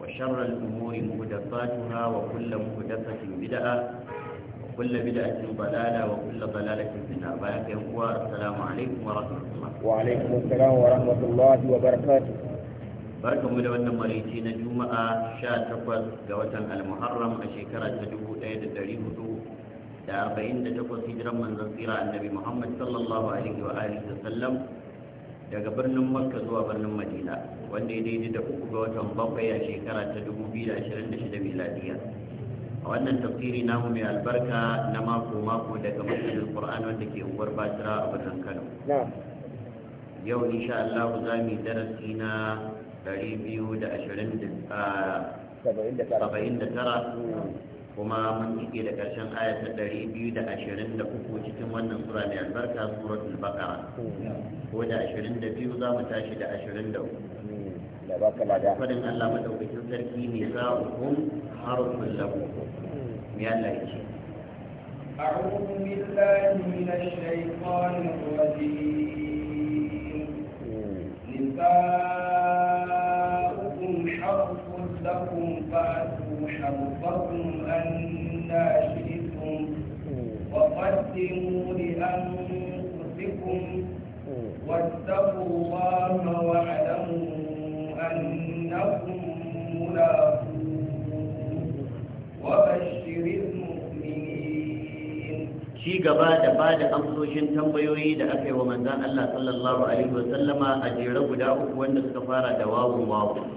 وشر الأمور مهدفاتها وكل مهدفة بدعة وكل بدعة ضلالة وكل ضلالة في النار السلام عليكم ورحمة الله وعليكم السلام ورحمة الله وبركاته barkan mu da wannan maraice na juma'a 18 ga watan al-muharram a shekara ta 1448 hijiran manzon tsira annabi muhammad sallallahu alaihi wa alihi sallam daga birnin makka zuwa birnin madina wanda ya daidai da uku ga watan bakwai a shekara ta 2026 miladiya a wannan tafsiri namu mai albarka na mako mako daga masjidin qur'an wanda ke unguwar basira a birnin kano yau insha Allah za mu yi darasi na 229 kuma mun cike da ƙarshen aya ta ɗari biyu da ashirin da uku cikin wannan sura mai albarka suratul baqara ko da ashirin da biyu za mu tashi da ashirin da uku fadin Allah madaukakin sarki ne za a hukum harfin lagu ya laice أعوذ بالله من الشيطان الرجيم نساؤكم حرث لكم فأتوا حرفكم أنا شئتم وقدموا لأنفسكم واتقوا الله واعلموا أنكم ملاقوه وبشر المؤمنين شي gaba da ba da amsoshin tambayoyi da aka yi wa manzan Allah sallallahu Alaihi wasallama a jere guda uku wanda suka fara da wawun wawun.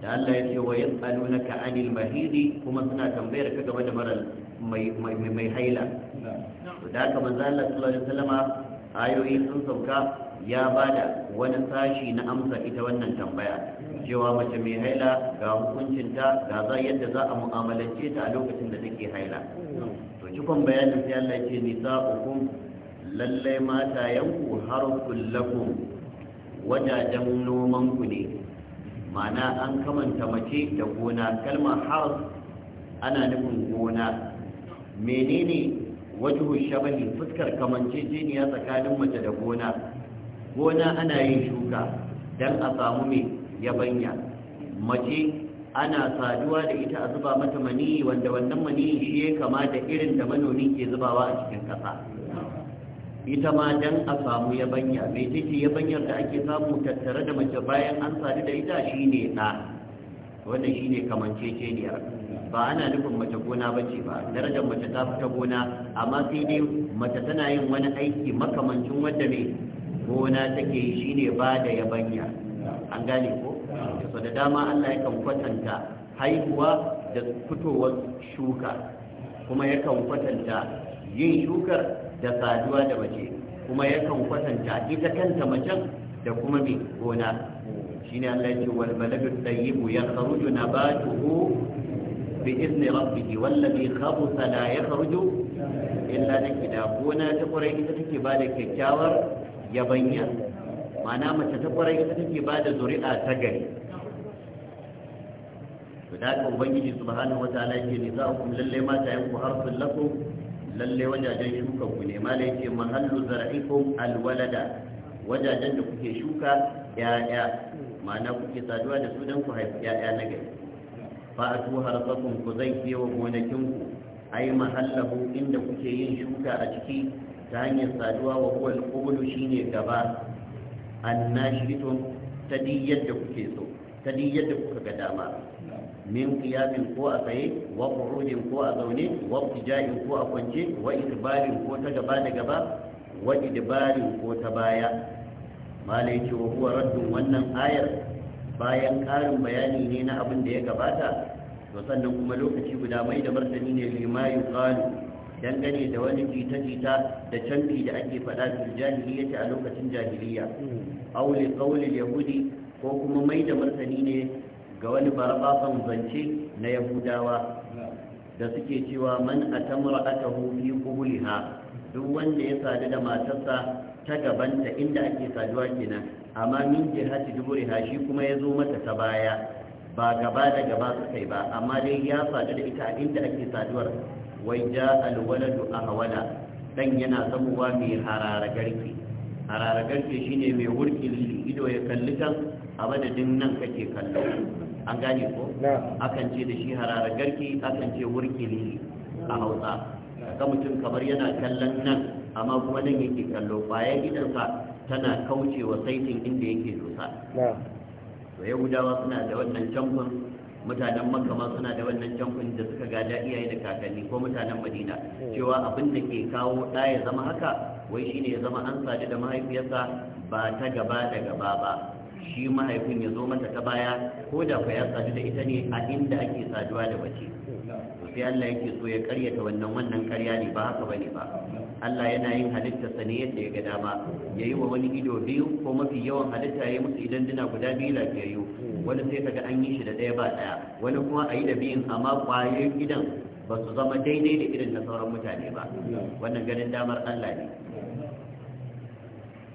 da Allah ya ce wa yas'alunaka anil mahidi kuma suna tambayar ka game da marar mai haila to da haka manzo Allah sallallahu alaihi wasallama ayoyi sun sauka ya bada wani sashi na amsa ita wannan tambaya cewa mace mai haila ga hukuncin ta ga za yadda za a mu'amalance ta a lokacin da take haila to cikon bayanin sai Allah ce nisa'ukum lallai mata yanku harfun lakum wajajen noman ku ne ma'ana an kamanta mace da gona kalmar haras ana nufin gona menene wajihu shabahi fuskar kamance jiniya tsakanin mace da gona gona ana yin shuka don a samu mai yabanya mace ana saduwa da ita a zuba mata maniyi wanda wannan maniyi shi ya kama da irin da manomi ke zubawa a cikin ƙasa ita ma dan a samu yabanya mai take yabanyar da ake samu tattare da mace bayan an sadu da ita shine ɗa wannan shine kamanceceniyar ba ana nufin mace gona ba ce ba darajar mace ta fita gona amma sai dai mace tana yin wani aiki makamancin wanda mai gona take yi shine ba da yabanya an gane ko so da dama Allah ya kwatanta haihuwa da fitowar shuka kuma yakan kwatanta yin shukar da saduwa da mace kuma yakan kwatanta ita kanta macen da kuma mai gona Shi shine Allah ya ce wal maladu tayyibu yakhruju nabatuhu bi izni rabbihi wallazi khabutha la yakhruju illa nakida gona ta kwarai ita take bada kyakkyawar yabanya Ma'ana mace ta kwarai ita take bada zuri'a ta gari to da ka ubangiji subhanahu wataala yake ni za ku lalle mata yanku harfin lakum lalle wajajen shuka ku ne mala mahallu alwalada wajajen da kuke shuka ya'ya ma'ana kuke saduwa da su dan ku haifi ya'ya na gari fa atu harsakum ku zai wa gonakin ku ai mahallahu inda kuke yin shuka a ciki ta hanyar saduwa wa huwa alqulu shine gaba annashitun ta diyyar da kuke so ta diyyar da kuka ga dama min qiyamin ko a tsaye wa qu'udin ko a zaune wa ko a kwance wa idbarin ko ta gaba da gaba wa idbarin ko ta baya malai ce wa huwa raddun wannan ayar bayan karin bayani ne na abin da ya gabata to sannan kuma lokaci guda mai da martani ne lima yuqalu dangane da wani jita-jita da canfi da ake faɗa fil jahiliya a lokacin jahiliya hmm. aw li qawli yahudi ko kuma mai da martani ne ga wani barbaban zance na yahudawa da suke cewa man atamra atahu fi qubuliha duk wanda ya sadu da matarsa ta gabanta inda ake saduwa kenan amma min jihati duburiha shi kuma ya zo mata ta baya ba gaba da gaba suka ba amma dai ya sadu da ita inda ake saduwar wai ja alwaladu ahwala dan yana zamuwa mai harara garke harara garke shine mai wurkin ido ya kalli kan a madadin nan kake kallo an gane ko akan ce da shi hararar garki akan ce ne a hausa ga mutum kamar yana kallon nan amma kuma nan yake kallo baya gidansa tana kaucewa saitin inda yake dosa to gudawa suna da wannan canfin mutanen makka suna da wannan canfin da suka gada iyaye da kakanni ko mutanen madina hmm. cewa abin da ke kawo ɗa ya zama haka wai shine ya zama an sadu da mahaifiyarsa ba ta gaba da gaba ba shi mahaifin ya zo mata ta baya ko da ku ya sadu da ita ne a inda ake saduwa da mace to sai Allah yake so ya karyata wannan wannan karya ne ba haka bane ba Allah yana yin halitta sane yadda ya ga dama yayi wa wani ido biyu ko mafi yawan halitta yayi musu idan duna guda biyu lafiyayyu wani sai kaga an yi shi da ɗaya ba ɗaya wani kuma a yi da biyun amma kwayoyin gidan ba su zama daidai da irin na sauran mutane ba wannan ganin damar Allah ne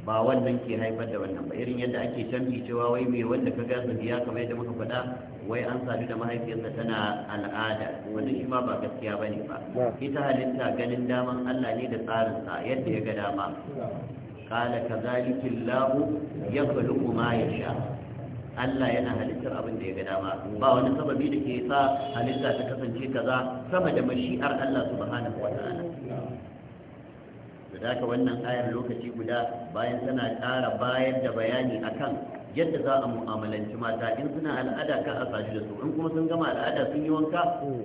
ba wannan ke haifar da wannan ba irin yadda ake canji cewa wai mai wanda ka su biya kamar yadda muka faɗa wai an sadu da mahaifiyarsa tana al'ada wannan shi ma ba gaskiya ne ba ita halitta ganin daman Allah ne da tsarin yadda ya ga dama qala kadhalika Allahu yakhluqu ma sha. Allah yana halittar abin da ya ga dama ba wani sababi da ke sa halitta ta kasance kaza sama da mashi'ar Allah subhanahu wa ta'ala da haka wannan ayar lokaci guda bayan tana ƙara bayar da bayani a kan yadda za a mu'amalanci mata in suna al'ada kan a sadu da su in kuma sun gama al'ada sun yi wanka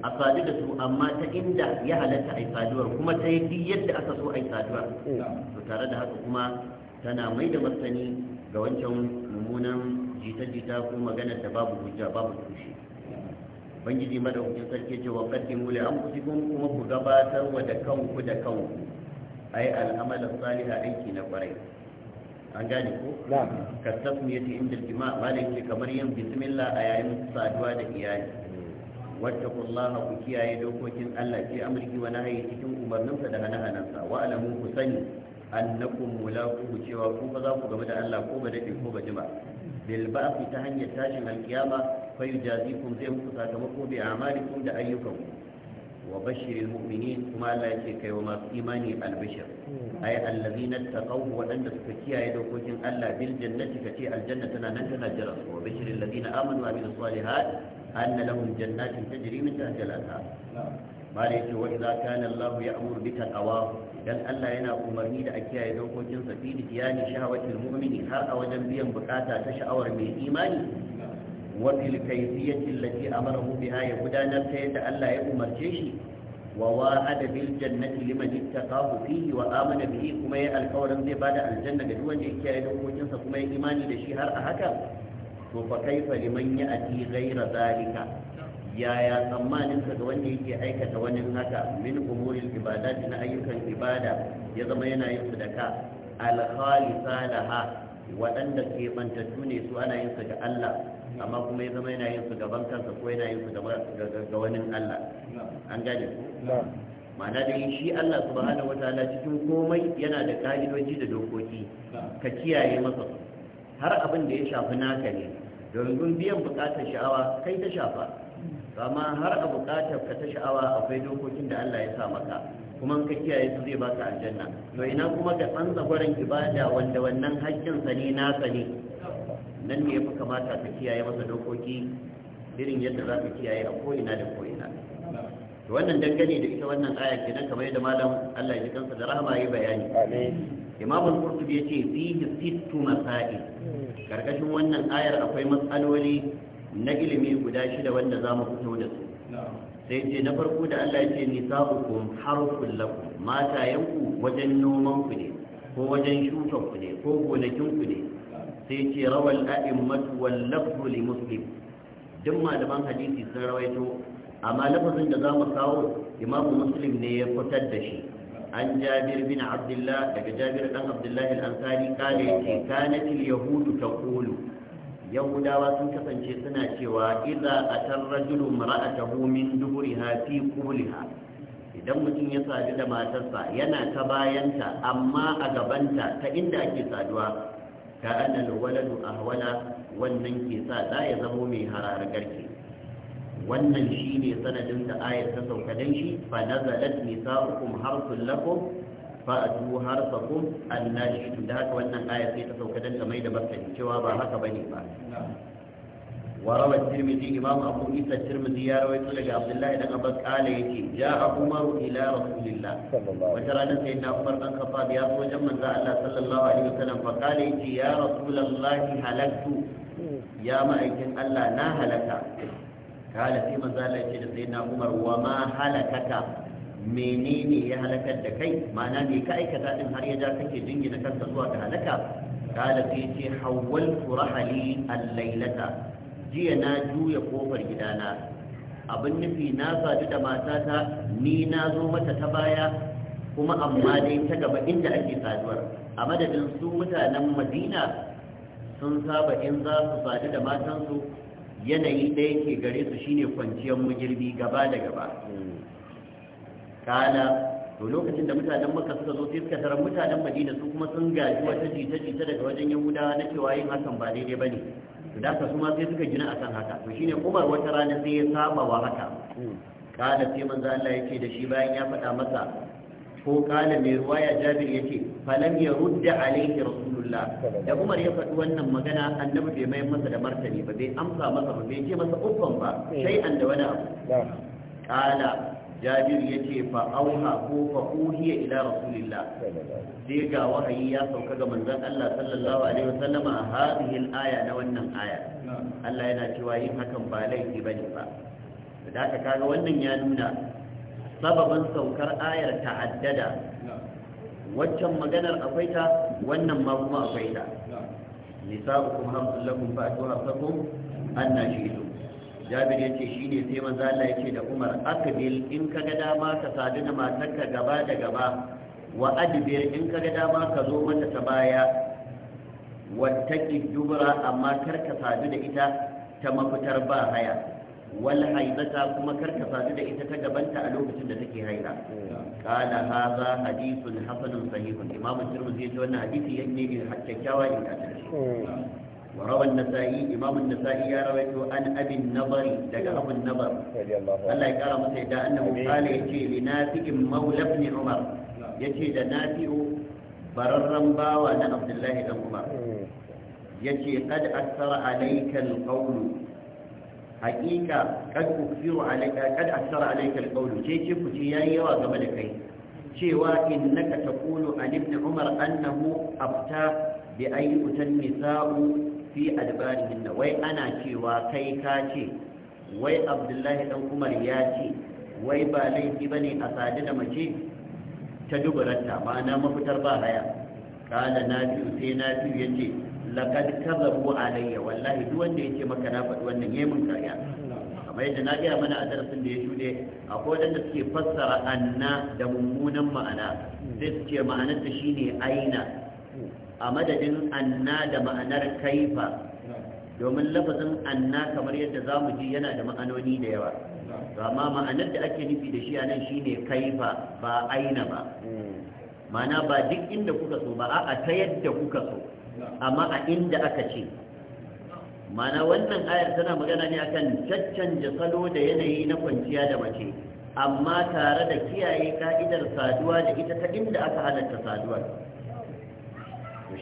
a sadu da su amma ta inda ya halatta a saduwar kuma ta yi yadda aka so a yi saduwar to tare da haka kuma tana mai da martani ga wancan mummunan jita-jita ko magana da babu hujja babu tushe ubangiji madaukakin sarki ce wa qaddimu li anfusikum kuma ku gabatar wa da kanku da kanku ai al'amalar Saliha aiki na kwarai an gane ko ka tasmiyati inda jima malai ke kamar yin bismillah a yayin saduwa da iyali wattaqullaha ku kiyaye dokokin Allah ce amriki wani nahyi cikin umarninsa da hana-hanansa wa alamu ku sani annakum mulaquhu cewa ku ba za ku game da Allah ko ba dade ko ba jima bil ba'thi ta hanyar tashin alkiyama fa yujazikum zai muku sakamako bi a'malikum da ayyukanku wa bashirin mu'minin kuma Allah yake kai wa masu imani albishir ay allazina taqaw wadanda suka kiyaye dokokin Allah bil jannati kace aljanna tana nan tana jira wa bashirin ladina amanu wa amilus salihat anna lahum jannatin tajri min tahtiha al-anhar bare yake wa idza kana Allah ya'muru bi taqwa dan Allah yana umarni da a kiyaye dokokin sa fi diyani shahawatil mu'mini har a wajen biyan bukata ta sha'awar mai imani وفي الكيفية التي أمره بها يهدانا سيد ألا يأمر جيشي وواعد بالجنة لمن اتقاه فيه وآمن به كما القول زي بعد الجنة جدوا جيكا يدوه جنسا كما إيماني لشيهر أحكا فكيف لمن يأتي غير ذلك yaya tsammaninka ga wanda yake aikata wani haka min umuril ibadati na ayyukan ibada ya zama yana yin sadaka al-khalisa laha waɗanda ke bantattu ne su ana yin su ga Allah amma kuma ya zama yana yin su gaban kansa ko yana yin su ga wani Allah an gane ku ma'ana dai shi Allah subhanahu wataala cikin komai yana da ka'idoji da dokoki ka kiyaye masa har abin da ya shafi naka ne domin biyan bukatar sha'awa kai ta shafa amma har a bukatar ka ta sha'awa akwai dokokin da Allah ya sa maka kuma ka kiyaye su zai baka aljanna to ina kuma ka tsantsa gwaran ibada wanda wannan haƙƙin sa ne nasa ne nan ne ya fi kamata ka kiyaye masa dokoki irin yadda za ta kiyaye a ko'ina da ko'ina wannan dangane da ita wannan aya nan kamar yadda malam Allah ya kansa da rahama yi bayani Imam al-Qurtubi yace fihi sittu masail karkashin wannan ayar akwai matsaloli na ilimi guda shida wanda za mu fito da su sai ce na farko da Allah ya ce nisa'ukum harful lakum matayenku wajen noman ku ne ko wajen shukan ku ne ko gonakin ku ne sai ce rawar a'immatu matuwar lafzu li muslim duk malaman hadisi sun rawaito amma lafazin da za mu kawo imamu muslim ne ya fitar da shi an jabir bin abdullah daga jabir dan abdullah al-ansari kale yace Yahudu yahudu yahud taqulu yahudawa sun kasance suna cewa idza atar rajulu mar'atahu min duburiha fi quliha idan mutum ya sadu da matarsa yana ta bayanta amma a gabanta ta inda ake saduwa ka annal waladu ahwala wannan ke sa da ya zamo mai harar garke wannan shine sanadin da ayat ta sauka dan shi fa nazalat nisa'ukum harsul lakum fa atu harsakum annashi da haka wannan ayat sai ta sauka dan ta mai da barkani cewa ba haka bane ba وروى الترمذي إمام أبو عيسى الترمذي يا روي لك عبد الله بن عباس قال يتي جاء عمر إلى رسول الله وترى سيدنا عمر بن الخطاب يا رسول من الله صلى الله عليه وسلم فقال يتي يا رسول الله هلكت يا مأيكن الله نا هلك قال في مزال يتي سيدنا عمر وما هلكك menene ya halakar da kai ma'ana me ka aikata din har ya ja kake jingina kanka zuwa ga halaka قال في حولت رحلي الليلة jiya na juya kofar gidana abin nufi na sadu da matata ni na zo mata ta baya kuma amma dai ta gaba inda ake saduwar a madadin su mutanen madina sun saba in za su sadu da matansu yanayi ɗaya ke gare su shine kwanciyar mugirbi gaba da gaba kala to lokacin da mutanen maka suka zo sai suka tara mutanen madina su kuma sun gaji wata jita-jita daga wajen yahudawa na cewa yin hakan ba daidai ba ne da haka su sai suka gina akan haka to shine Umar wata rana sai ya saba wa haka hmm. kada sai manzo Allah yake da shi bayan ya faɗa masa ko kala mai ruwaya Jabir yake falam ya rudda alaihi rasulullah da Umar ya faɗi wannan magana annabi bai mai masa da martani ba bai amsa masa ba bai ce masa uffan ba hmm. sai an da wani abu kala Jabir yake fa auha ko fa uhiya ila rasulillah sai ga wahayi ya sauka ga manzon Allah sallallahu alaihi wasallam a hadhihi al-aya na wannan aya Allah yana cewa yin hakan ba laifi bane ba da haka kaga wannan ya nuna Sababan saukar ayar ta'addada waccan maganar akwai ta wannan ma kuma akwai ta nisa'ukum hamsun lakum fa'tu hamsakum anna shi'tum jabir yace shine sai manzo Allah yace da Umar akbil in kaga dama ka sadu da matarka gaba da gaba wa adbir in ka ga dama ka zo mata ta baya wattaki dubura amma kar ka sadu da ita ta mafitar ba haya wal haibata kuma kar ka sadu da ita ta gabanta a lokacin da take haila qala hadha hadithun hasanun sahihun imamu tirmidhi ya ce wannan hadisi yanne ne kyakkyawa in ka وروى النسائي إمام النسائي رويته عن أبي النضر دقى أبو النضر الله يكرم سيدا أنه قال يجي لنافع مولى ابن عمر yace da na nafi'u Bararren bawa na abdullahi dan umar yace qad asara alayka alqawl haqiqa qad ukfiru alayka qad asara alayka alqawl ce ce ku ce yayi yawa game da kai cewa innaka taqulu an ibn umar annahu afta bi ayi utan nisa'u fi adbarihin wai ana cewa kai ka ce wai abdullahi dan umar ya ce wai ba laifi bane a sadu da mace ta dubaranta ma'ana mafitar ba haya kala nafi sai nafi ya ce laƙad kazabu alayya wallahi duk wanda ya ce maka na faɗi wannan ya mun karya kamar yadda na gaya mana a darasin da ya shuɗe akwai waɗanda suke fassara anna da mummunan ma'ana zai ce ma'anar ta shine aina a madadin anna da ma'anar kaifa domin lafazin anna kamar yadda za mu ji yana da ma'anoni da yawa to amma ma'anar da ake nufi da shi a nan shine kaifa ba aina ba mana ba duk inda kuka so ba a ta yadda kuka so amma a inda aka ce mana wannan ayar tana magana ne akan caccanja salo da yanayi na kwanciya da mace amma tare da kiyaye ka'idar saduwa da ita ta inda aka halarta saduwa.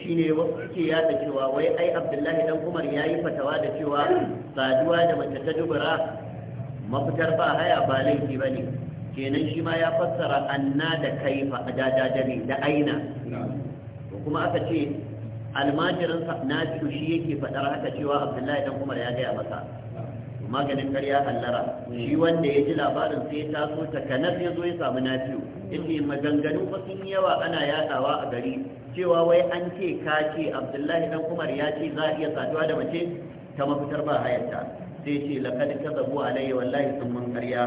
shi ne wasu suke yada cewa wai ai abdullahi dan umar ya yi fatawa da cewa saduwa da mace ta dubura mafitar ba haya ba laifi ba ne kenan shi ma ya fassara anna da kaifa a jajajane da aina kuma aka ce almajirin nafi'u shi yake faɗar haka cewa abdullahi dan umar ya gaya masa maganin karya hallara shi wanda ya ji labarin sai ta so ta kanar ya zo ya samu nafi'u inda maganganu ba sun yawa ana yadawa a gari cewa wai an ce ka ce abdullahi dan umar ya ce za a iya saduwa da mace ta mafitar ba hayarta sai ce laqad kadhabu alayya wallahi sun mun karya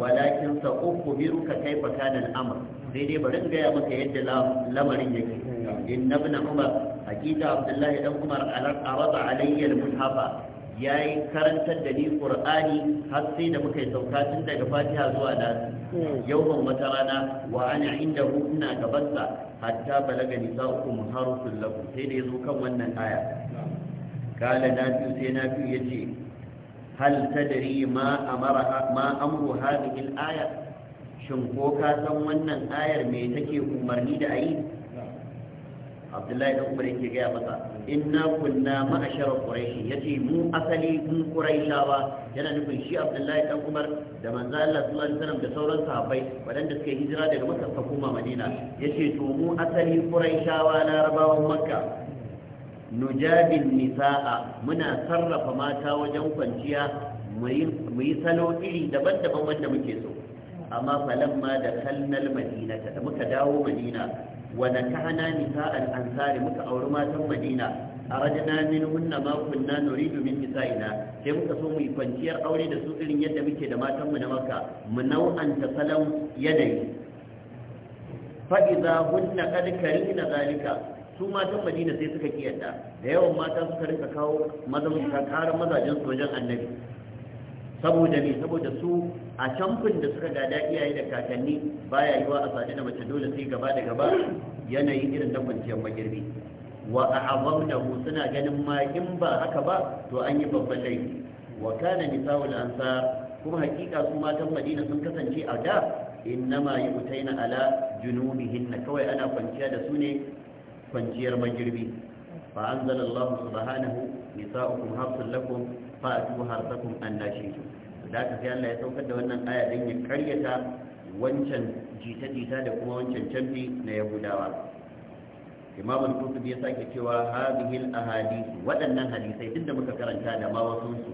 walakin sa ukhbiruka kaifa kana al-amr sai Daidai bari in gaya maka yadda lamarin yake inna ibn umar hakika abdullahi dan umar arada alayya al ya yayi karantar da ni qur'ani har sai da muka yi sauka tun daga fatiha zuwa Yau ban wata rana wa ana inda ina gabansa hatta balaga nisa uku muharusun lagu sai da ya zo kan wannan aya kala na biyu sai na biyu ya ce hal tadri ma amara ma amru hadhihi al shin ko ka san wannan ayar me take umarni da ayi Abdullahi dan yake gaya masa inna kunna ma'ashara quraishi yace mu asali mu quraishawa yana nufin shi Abdullahi dan Umar da manzo Allah sallallahu alaihi wasallam da sauran sahabbai wadanda suka hijira daga Makka suka Madina yace to mu asali quraishawa larabawan Makka nujabin nisa'a muna sarrafa mata wajen kwanciya mu yi salo iri daban-daban wanda muke so amma falamma da kallal madina da muka dawo madina wa nakahana nisa'al ansari muka auri matan madina arajna minhunna ma kunna nuridu min nisa'ina sai muka so mu yi kwanciyar aure da su irin yadda muke da matan mu na maka. mu nau'anta salon yanayi Faɗi idza hunna qad karihna zalika su matan madina sai suka kiyarta da yawan mata suka rinka kawo mazaunika kara mazajen su wajen annabi saboda ne saboda su a camfin da suka gada iyaye da kakanni baya yiwa a sadu da mace dole sai gaba da gaba yanayin irin na kwanciyar magirbi wa hu suna ganin ma in ba haka ba to an yi babban laifi wa kana misawul ansa, kuma hakika su matan madina sun kasance a da innama yutaina ala junubihinna kawai ana kwanciya da su ne kwanciyar magirbi fa anzalallahu subhanahu nisa'ukum harsun lakum fa'atu harsakum an dashitu da ka fi Allah ya saukar da wannan aya din ya karyata wancan jita-jita da kuma wancan canbi na yahudawa imam al-qurtubi ya sake cewa hadhihi al-ahadith waɗannan hadisai duk da muka karanta da ma wasu su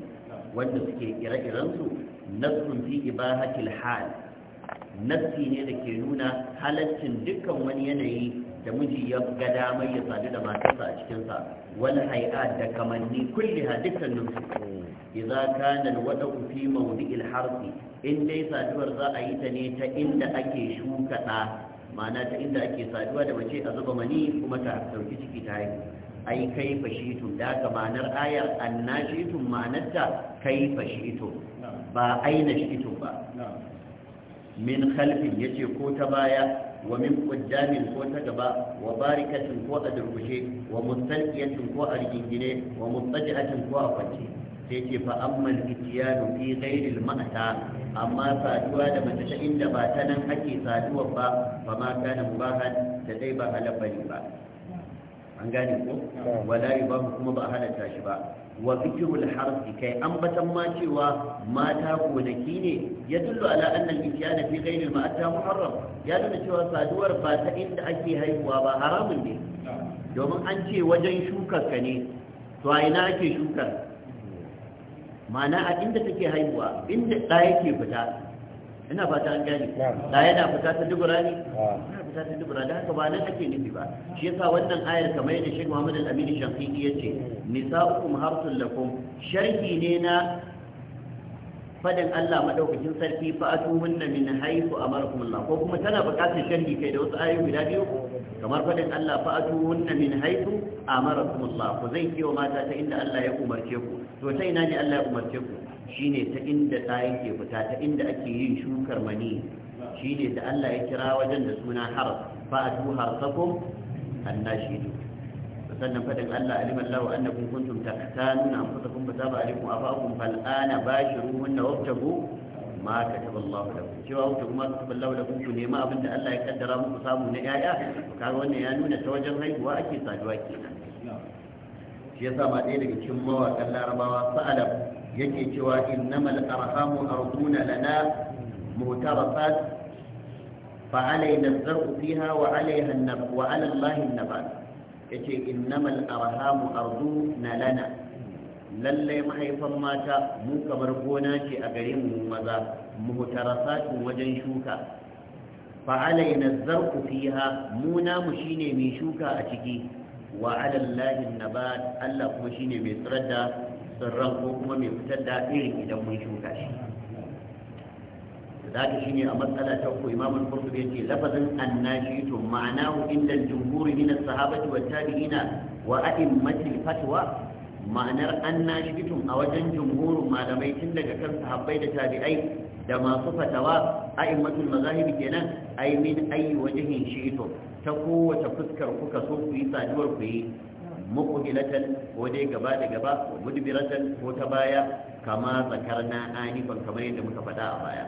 wanda suke ire-iren su nassun fi ibahati hal ne da ke nuna halaccin dukkan wani yanayi da miji ya ga damar ya sadu da matarsa a cikinsa wal hay'at da kamanni kulliha dukkanin su idza kana alwada fi mawdi'il harfi in dai saduwar za a yi ta ne ta inda ake shuka da ma'ana ta inda ake saduwa da mace a zuba mani kuma ta dauki ciki ta haihu ai kai fashitum da ga ma'anar ayar annashitum ma'anarta kai fashitum ba aina shitum ba min khalfin yace ko ta baya wa min quddamin ko ta gaba wa barikatin ko a durkushe wa mustanqiyatin ko a rigingine wa mustajatin ko a kwance sai ce fa amma al-ityanu fi ghairi al-ma'ta amma saduwa da mace ta inda ba ta nan ake saduwa ba fa ma kana mubahan da dai ba halal ba an gane ko wala kuma ba a halatta shi ba wa fikrul harfi kai an batan ma cewa mata gonaki ne ya dullu ala anna al-isyana fi ghayri al-ma'ata muharram ya nuna cewa saduwar ba ta inda ake haihuwa ba haramun ne domin an ce wajen shukar ka ne to a ina ake shukar ma'ana a inda take haihuwa inda ɗaya ke fita ina fata an gane da yana fita ta dubura ne yana fita ta dubura da haka ba nan ake nufi ba shi yasa wannan ayar kamar yadda Sheikh Muhammad Al-Amin Shafiqi yace nisa'ukum harsul lakum sharhi ne na fadin Allah madaukakin sarki fa atuhunna min haythu amarakum Allah ko kuma tana buƙatar sharhi kai da wasu ayoyi guda biyu kamar fadin Allah fa atuhunna min haythu amarakum Allah ku zai kiyo mata ta inda Allah ya umarce ku to ta ina ne Allah ya umarce ku shine ta inda ta ke fita ta inda ake yin shukar mani shine da Allah ya kira wajen da suna harf fa atu Annashi. annashidu sannan fadin Allah aliman lahu annakum kuntum taqtanuna anfusakum fataba alaykum afakum fal ana bashiruhunna wabtagu ma kataba Allah lakum cewa wabtagu ma kataba Allah lakum ku nema abin da Allah ya kaddara muku samu na yaya kaga wannan ya nuna ta wajen haihuwa ake saduwa kenan shi yasa ma ɗaya daga cikin mawaƙan larabawa sa'alab yake cewa innamal arhamu arduna lana mutarafat فعلينا الزرع فيها وعليها النب وعلى الله النبات yace innamal arhamu arduna lana lalle mahaifan mata mu kamar gona ce a gare mu maza muhtarasatun wajen shuka fa alaina zarqu fiha mu namu shine mai shuka a ciki wa ala allahi nabat Allah kuma shine mai tsirar tsirran ko kuma mai fitar da irin idan mun shuka shi da shi ne a matsala ta ko imam al-qurtubi yace lafazin ma'ana ma'anahu inda al min as-sahabati wa tabi'ina wa a'immatil fatwa ma'anar annashitun a wajen jumhurin malamai tun daga kan sahabbai da tabi'ai da masu fatawa a'immatul mazahibi kenan ay min ayi wajhin ta kowace fuskar kuka so ku yi saduwar ku yi muqbilatan ko dai gaba da gaba wa mudbiratan ko ta baya kama zakarna anifan kamar yadda muka faɗa a baya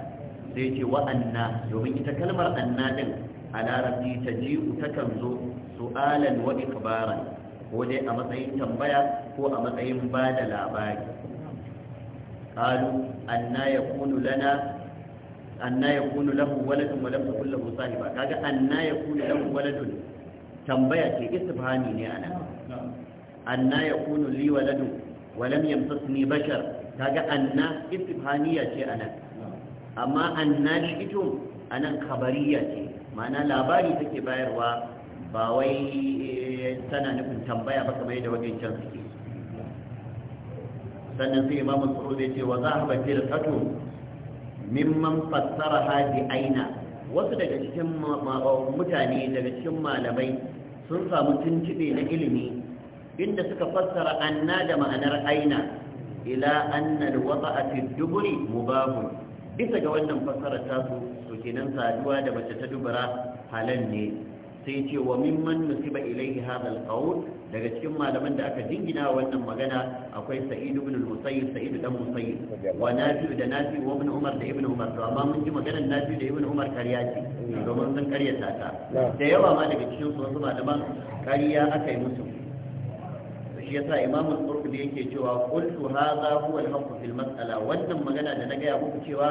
sai ce wa anna domin ita kalmar anna din a larabci ta ji'u takan zo su'alan wa ikbaran ko dai a matsayin tambaya ko a matsayin ba da labari qalu anna yakunu lana anna yakunu lahu waladun wa lam takul lahu sahiba kaga anna yakunu lahu waladun tambaya ce istifhami ne anan anna yakunu li waladun wa lam yamsasni bashar kaga anna istifhamiya ce anan amma anna shi'tum anan khabariya ce ma'ana labari take bayarwa ba wai tana nufin tambaya ba kamar yadda wajen can suke sannan sai imamu tsoro zai ce wa za a bafi da tato mimman fassara haji aina wasu daga cikin mutane daga cikin malamai sun samu tuntube na ilimi inda suka fassara anna da ma'anar aina ila anna alwata'a fi duburi mubahun bisa ga wannan fassara ta su to kenan saduwa da mace ta dubara halal ne sai ce wa mimman nusiba ilaihi hadha alqawl daga cikin malaman da aka jingina wannan magana akwai sa'id ibn al-musayyib sa'id dan musayyib wa nafi da nafi wa ibn umar da ibn umar to amma mun ji maganar nafi da ibn umar kariya ce domin sun karyata ta da yawa ma daga cikin su wasu malaman kariya aka yi musu shi yasa imam al-qurtubi yake cewa qultu hadha huwa al-haqq fil mas'ala wannan magana da na gaya muku cewa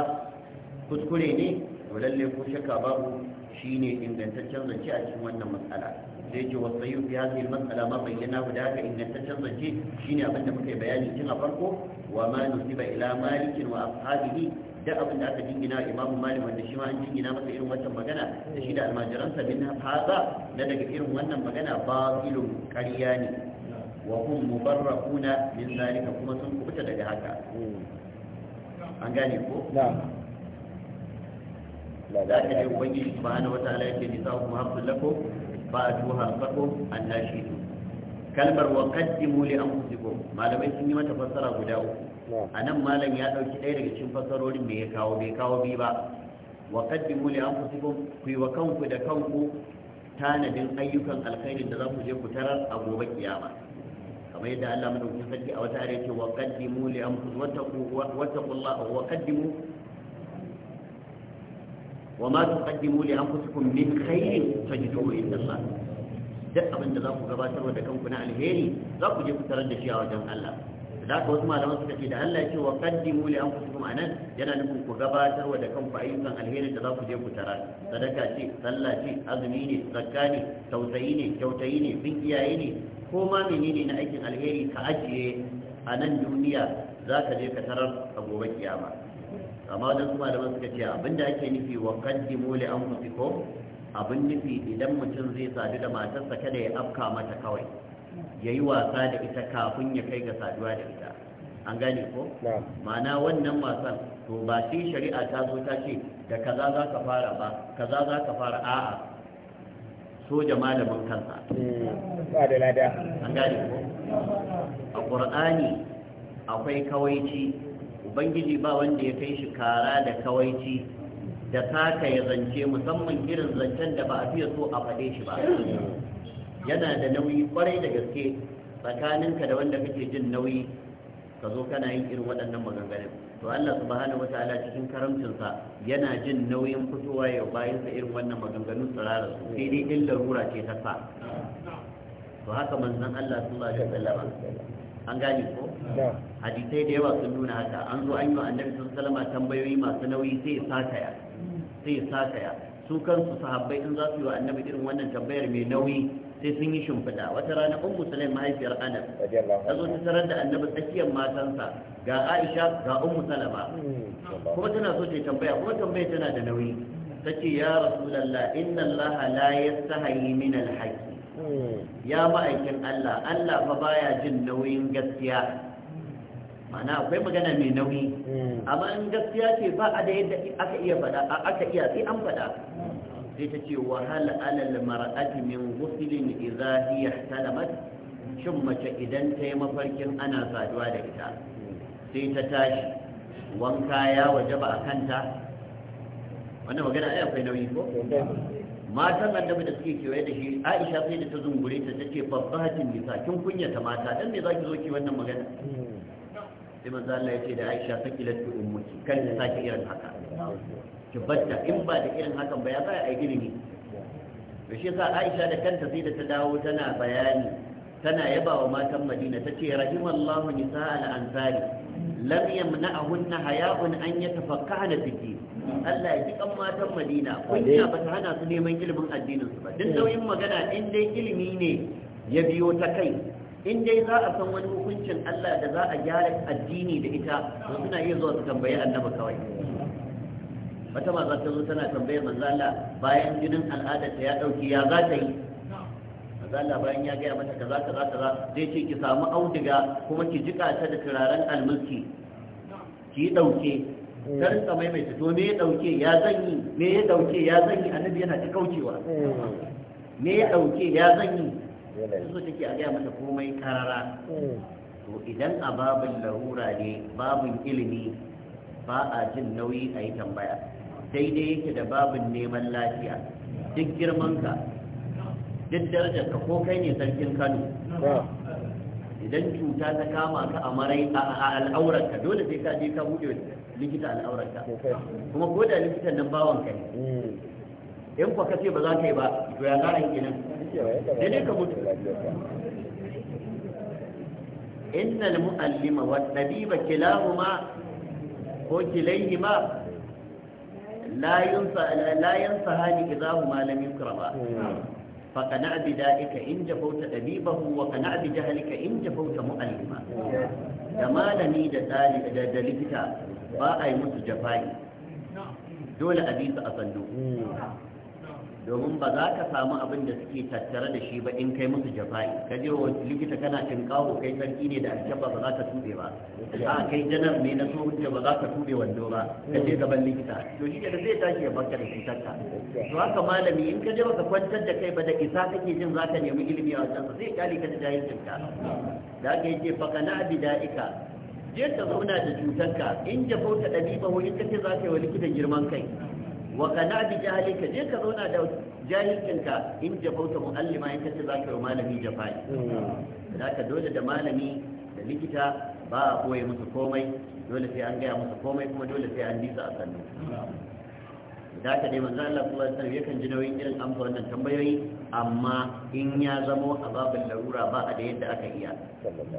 kuskure ne to lalle ko shakka babu shine ingantaccen zance a cikin wannan mas'ala sai ce wasu yi fi hadhihi al-mas'ala ma bayyana guda haka ingantaccen zance shine abin da muka yi bayani tun a farko wa ma nusiba ila malikin wa ashabihi da abin da aka jingina imamu malik wanda shi ma an jingina masa irin wannan magana da shi da almajiransa min haza na daga irin wannan magana ba ilun ƙarya ne wa hum mubarra'una min zalika kuma sun kubuta daga haka an gane ko za ka ne ubangiji subhanahu wataala yake nisa ku hafsun lako ba a tuha sako an nashi kalmar wa qaddimu li anfusikum malamai sun yi mata fassara guda uku a nan malam ya ɗauki ɗaya daga cikin fassarorin me ya kawo bai kawo bi ba wa qaddimu li anfusikum ku yi wa kanku da kanku tanadin ayyukan alkhairin da za ku je ku tarar a gobe kiyama kamar yadda Allah madaukakin sarki a wata ayar yake wa qaddimu li anfusikum wattaqullaha wa qaddimu wa ma tuqaddimu li anfusikum min khairin tajiduhu inda Allah duk abin da za ku gabatar da kanku na alheri za ku je ku tarar da shi a wajen Allah da wasu malaman suka ce da Allah ya ce wa qaddimu li anfusikum anan yana nufin ku gabatar wa da kanku ayyukan alheri da za ku je ku tara sadaka ce sallah ce azumi ne zakka ne tausayi ne kyautayi ne bin iyaye ne ko ma menene na aikin alheri ka ajiye a nan duniya za ka je ka tarar a gobe kiyama amma su malaman suka ce abinda ake nufi wa qaddimu li anfusikum abin nufi idan mutum zai sadu da matarsa kada ya afka mata kawai ya yi wasa da ita kafin ya kai ga saduwa da ita an gane ko ma'ana wannan wasan to ba shi shari'a ta zo ta ce da kaza za ka fara ba kaza za ka fara a'a soja malamin kansa hmm, an gane ko a ƙur'ani akwai kawaici ubangiji ba wanda ya kai shi kara da kawaici da saka ya zance musamman irin zancen da ba a fiye so a faɗe shi ba hmm. yana da nauyi kwarai da gaske tsakaninka da wanda kake jin nauyi ka zo kana yin irin waɗannan maganganun to Allah subhanahu wataala cikin karamcinsa yana jin nauyin fitowa ya bayansa irin wannan maganganun tsirara su sai dai in larura ce ta sa to haka manzon Allah sallallahu alaihi wasallam an gane ko hadisai da yawa sun nuna haka an zo an yi annabi sallallahu alaihi tambayoyi masu nauyi sai ya sakaya sai ya sakaya su kansu sahabbai in za su yi wa annabi irin wannan tambayar mai nauyi sai sun yi shimfiɗa wata rana ummu sulaim mahaifiyar anas ta zo ta tarar da annabi tsakiyar matansa ga aisha ga ummu salama hmm, kuma tana so ta yi tambaya kuma tambaya tana da nauyi ta ce ya rasulallah inna allaha la yastahayi min alhaqi hmm. ya ma'aikin allah allah fa baya jin nauyin gaskiya Ma'ana akwai magana mai nauyi hmm. amma in gaskiya ce ba a da yadda aka iya faɗa aka iya sai an faɗa sai ta ce wa hal alal mar'ati min ghusl idza hiya talamat shin mace idan ta yi mafarkin ana saduwa da ita sai ta tashi wanka ya wajaba a kanta wannan magana ai akwai nauyi ko matan annabi da suke kewaye da shi aisha sai da ta zungure ta tace ce babbatin nisa kin ta mata dan me zaki zo ki wannan magana sai manzo Allah ya ce da aisha sakilat bi ummuki kan ta sake irin haka ki batta in ba da irin hakan ba ya za a yi ilimi da shi sa Aisha da kanta sai da ta dawo tana bayani tana yaba wa matan Madina tace rahimallahu nisa'al ansari lam ahunna haya'un an yatafaqqahna na din Allah ya ji kan matan Madina kunya ba ta hana su neman ilimin addinin su ba duk nauyin magana in dai ilimi ne ya biyo ta kai in dai za a san wani hukuncin Allah da za a gyara addini da ita to suna iya zuwa su tambayi annabi kawai wata ba za ta zo tana tambayar manzo Allah bayan jinin al'adar ta ya dauki ya za ta yi manzo Allah bayan ya gaya mata kaza kaza kaza zai ce ki samu auduga kuma ki jika ta da turaren almulki ki dauke kar ta maimaita to me ya dauke ya yi me ya dauke ya yi annabi yana ta kaucewa me ya dauke ya yi yanzu take a gaya mata komai karara to idan a babin larura ne babin ilimi ba a jin nauyi a yi tambaya daidai yake da babin neman lafiya duk girmanka duk ka ko kai ne sarkin kano idan cuta ta kama ka a marai a al'aurarka dole sai ka je ka buɗe likita al'aurarka kuma ko da likitan nan bawon ka ne hmm. in ka kace ba za ka yi ba to ya za a yi nan daidai ka mutu innal mu'allima wa tabiba kilahuma ko kilayhima la yansa hali idahu malamin kuraba فقنع بذلك إن جفوت أبيبه وقنع بجهلك إن جفوت مؤلمة كما لني دلكتا فأي مسجفاي دول أبيس أصنوه domin ba za ka samu abin da suke tattare da shi ba in kai musu jafa'i ka je wa likita kana kawo kai sarki ne da alkyabba ba za ka tube ba a kai janar ne na sohunta ba za ka tube wando ba ka je gaban likita to shi da zai tashi ya baka da cutarka to haka malami in ka je baka kwantar da kai ba da isa kake jin za ka nemi ilimi a wajen zai kyale ka da jahilcinka da ka yake faka na abida'ika je ka zauna da cutarka in jafauta ba wani kace za ka yi wa likita girman kai wa kana bi jahalika je ka zauna da jahilcinka in jafauta muallima in kace zaka yi malami jafai zaka dole da malami da likita ba a koye musu komai dole sai an gaya musu komai kuma dole sai an bisa a sannu da ka dai manzo Allah sallallahu alaihi wasallam yakan ji nauyin irin amsa wannan tambayoyi amma in ya zamo a babu larura ba a da yadda aka iya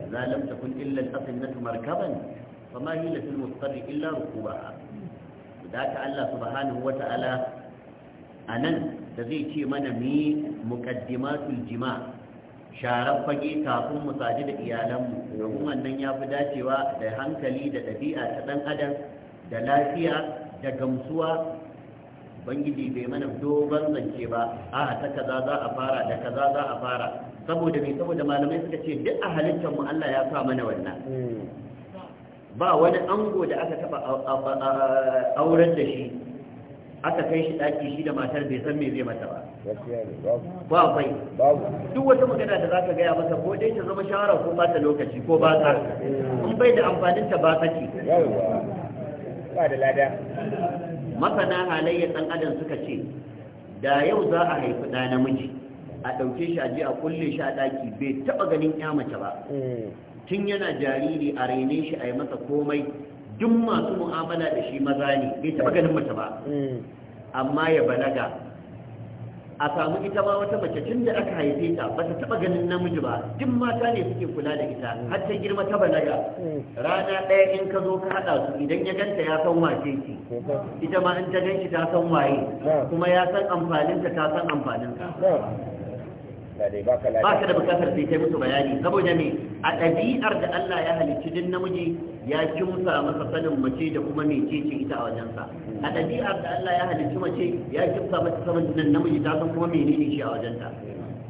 la lam takun illa al-asinnatu da haka Allah subhanahu wata'ala a nan da zai ce mana mi muƙaddimatul jima sharar fage kafin mu sadu da iyalanmu domin wannan ya fi dacewa da hankali da ɗabi'a ta ɗan adam da lafiya da gamsuwa bangiji bai mana dogon zance ba a ta kaza za a fara da kaza za a fara saboda mai saboda malamai suka ce duk a halittar mu Allah ya sa mana wannan hmm. ba wani ango da aka taba auren da shi aka kai shi daki shi da matar bai san me zai mata ba ba bai duk wata magana da zaka gaya masa ko dai ta zama shawara ko ba ta lokaci ko ba ta in bai da amfanin ta ba ba da lada masana halayyar dan adam suka ce da yau za a haifi da namiji a ɗauke shi a je a kulle shi a daki bai taba ganin ya mace ba hmm. tun yana jariri a raine shi a yi masa komai duk masu mu'amala da shi maza ne bai taɓa ganin mace ba hmm. amma ya balaga a samu ita ma wata mace tun da aka haife ta ba ta taɓa ganin namiji ba duk mata ne suke kula da ita har ta girma ta balaga hmm. rana ɗaya in ka zo ka haɗa su idan ya ganta ya san wace ki hmm. ita ma in ta ganki ta san waye kuma ya san amfaninta ta san amfaninka ba ka da bukatar sai kai musu bayani saboda ne a ɗabi'ar da Allah ya halicci din namiji ya kimsa masa sanin mace da kuma mecece ita a wajensa a ɗabi'ar da Allah ya halicci mace ya kimsa masa sanin namiji ta san kuma menene shi a wajenta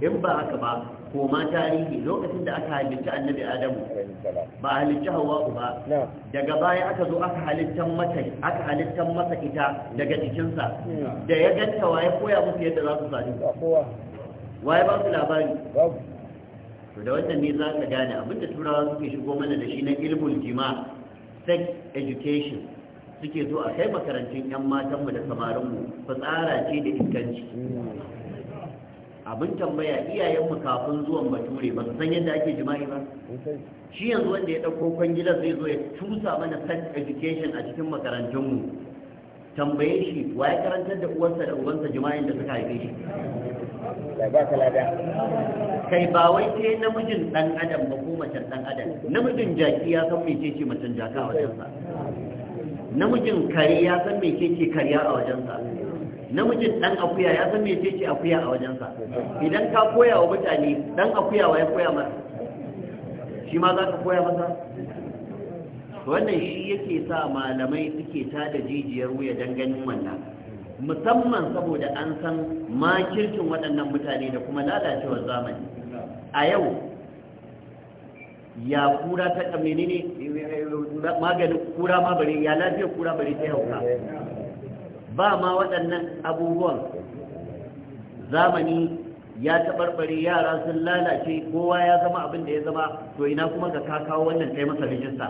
in ba haka ba ko ma tarihi lokacin da aka halitta annabi adamu ba halitta hawa ba daga baya aka zo aka halitta mata aka halitta masa ita daga jikinsa da ya ganta waye koya musu yadda za su sadu waye ba su labari to da wannan ne za ka gane abinda turawa suke shigo mana da shi na ilmul jima sex education suke zo a kai makarantun yan matan mu da samarinmu tsara ce da inganci abin tambaya iyayenmu kafin zuwan bature ba su san yadda ake jima'i ba shi yanzu wanda ya ɗauko kwangilar zai zo ya tusa mana sex education a cikin makarantunmu tambaye shi wa ya karantar da uwarsa da ubansa jima'in da suka haife shi ba ka lada kai ba wai sai namijin dan adam ba ko macen dan adam namijin jaki ya san mece ce macen jaka a wajensa namijin kare ya san mece ce kariya a wajensa namijin dan akuya ya san mece ce akuya a wajensa idan ka koya wa mutane dan akuya wa ya koya masa shi ma za ka koya masa wannan shi yake sa malamai suke tada jijiyar wuya dan ganin wannan musamman saboda an san makircin waɗannan mutane da kuma lalacewar zamani a yau ya kura ta kamene ne maganin kura ma bare ya lafiya kura bare ta yau ba ma waɗannan abubuwan zamani ya taɓarɓare yara sun lalace kowa ya zama abin da ya zama to ina kuma ga kakawo wannan kai masa rijista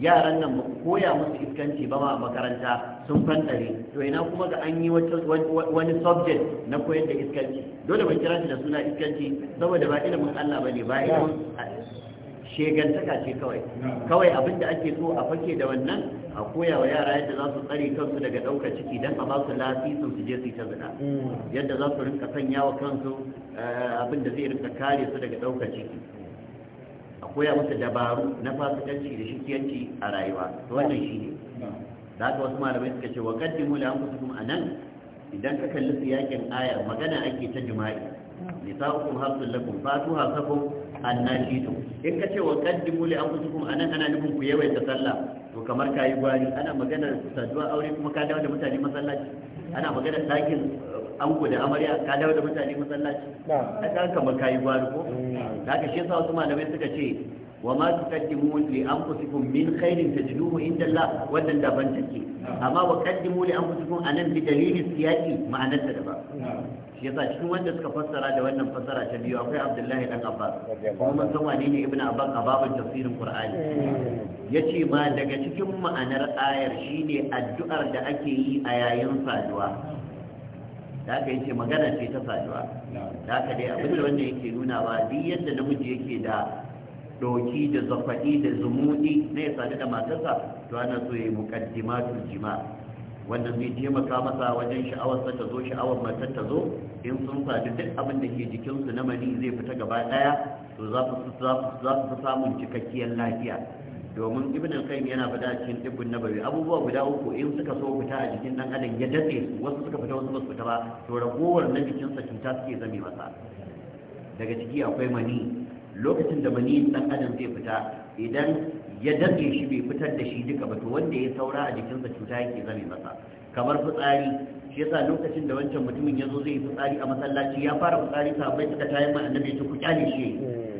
yaran nan koya musu iskanci ba ma a makaranta sun fantare to ina kuma ga an yi wani subject na koyar da iskanci dole ban kira shi da suna iskanci saboda ba ilimin Allah bane ba ilimin shegantaka ce kawai kawai abin da ake so a fake da wannan a koya wa yara yadda za su tsare kansu daga ɗaukar ciki don a ba su su je su ta zina mm. yadda za su rinka sanya wa kansu eh, abin da zai rinka kare su daga ɗaukar ciki koya masa dabaru na fasikanci da shirkiyanci a rayuwa to wannan ne. da haka wasu malamai suka ce wa qaddimu li a anan idan ka kalli siyakin ayar magana ake ta jima'i nisa'ukum harsul lakum fatu hasakum annashidu in ka ce wa qaddimu li a anan ana nufin ku yawaita sallah to kamar kayi gwari ana magana saduwa aure kuma ka dawo da mutane masallaci ana magana ɗakin eh, ango da amarya ka dawo da mutane masallaci a kan kamar kayi gwari ko mm. haka shi yasa wasu malamai suka ce wa ma tuqaddimu li anfusikum min khairin tajiduhu inda Allah wannan da ban take amma wa qaddimu li anfusikum anan bi dalili siyaqi ma'anar da ba shi yasa cikin wanda suka fassara da wannan fassara ta biyu akwai abdullahi dan abbas kuma mun san wane ne ibnu abbas a babin tafsirin qur'ani eh. yace ma daga cikin ma'anar ayar shine addu'ar da ake yi a yayin saduwa da aka yace magana ce ta saduwa da aka dai abin da wannan yake nuna ba duk yadda namiji yake da doki da zafaɗi da zumudi na ya sadu da matarsa to ana so ya yi muqaddimatul jima' wanda zai taimaka masa wajen sha'awarsa ta zo sha'awar matar ta zo in sun faɗi duk abin da ke jikinsu na mani zai fita gaba daya to za su fi samun cikakkiyar lafiya domin ibn al-qayyim yana fada cikin tibbun nabawi abubuwa guda uku in suka so fita a jikin dan adam ya dace wasu suka fita wasu ba su fita ba to ragowar na jikinsa cuta suke zame masa daga ciki akwai mani lokacin da mani dan adam zai fita idan ya daɗe shi bai fitar da shi duka ba to wanda ya saura a jikinsa cuta yake zame masa kamar fitsari shi yasa lokacin da wancan mutumin ya zo zai yi fitsari a masallaci ya fara fitsari sabai suka tayar ma annabi ya ce ku kyale shi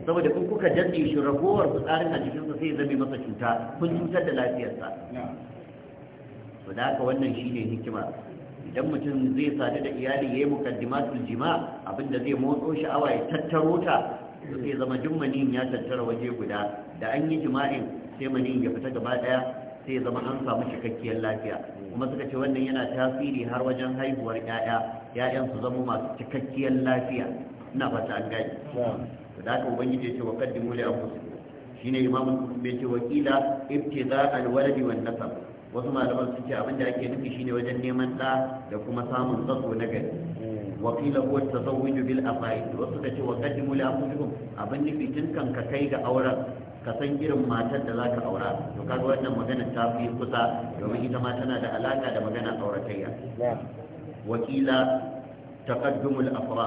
saboda kun kuka daɗe shi ragowar fitsarin a jikinsa sai ya zame masa cuta kun cutar da lafiyarsa to da haka wannan shi ne hikima idan mutum zai sadu da iyali ya yi mukaddimatul jima abinda zai motso sha'awa ya tattaro ta sai zama duk maniyin ya tattara waje guda da an yi jima'in sai maniyin ya fita gaba daya sai zama an samu cikakkiyar lafiya kuma suka ce wannan yana tasiri har wajen haihuwar ya'ya ya'yan su zama masu cikakkiyar lafiya ina fata an gaji. gani da haka ubangiji ya ce wa kaddimu li anfusikum shine imamu kutubi ce wakila ibtida alwaladi wan nasab wasu malaman su ce abin da ake nufi shine wajen neman da da kuma samun tsatso na gari mm. وقيل هو التزوج بالأفايد وصدت وقدموا لأنفسكم أبني في تنكا ككيد أورا ka san irin matar da za ka aura to kaga wannan magana ta fi kusa domin ita ma tana da alaka da magana auratayya wakila taqaddumul afra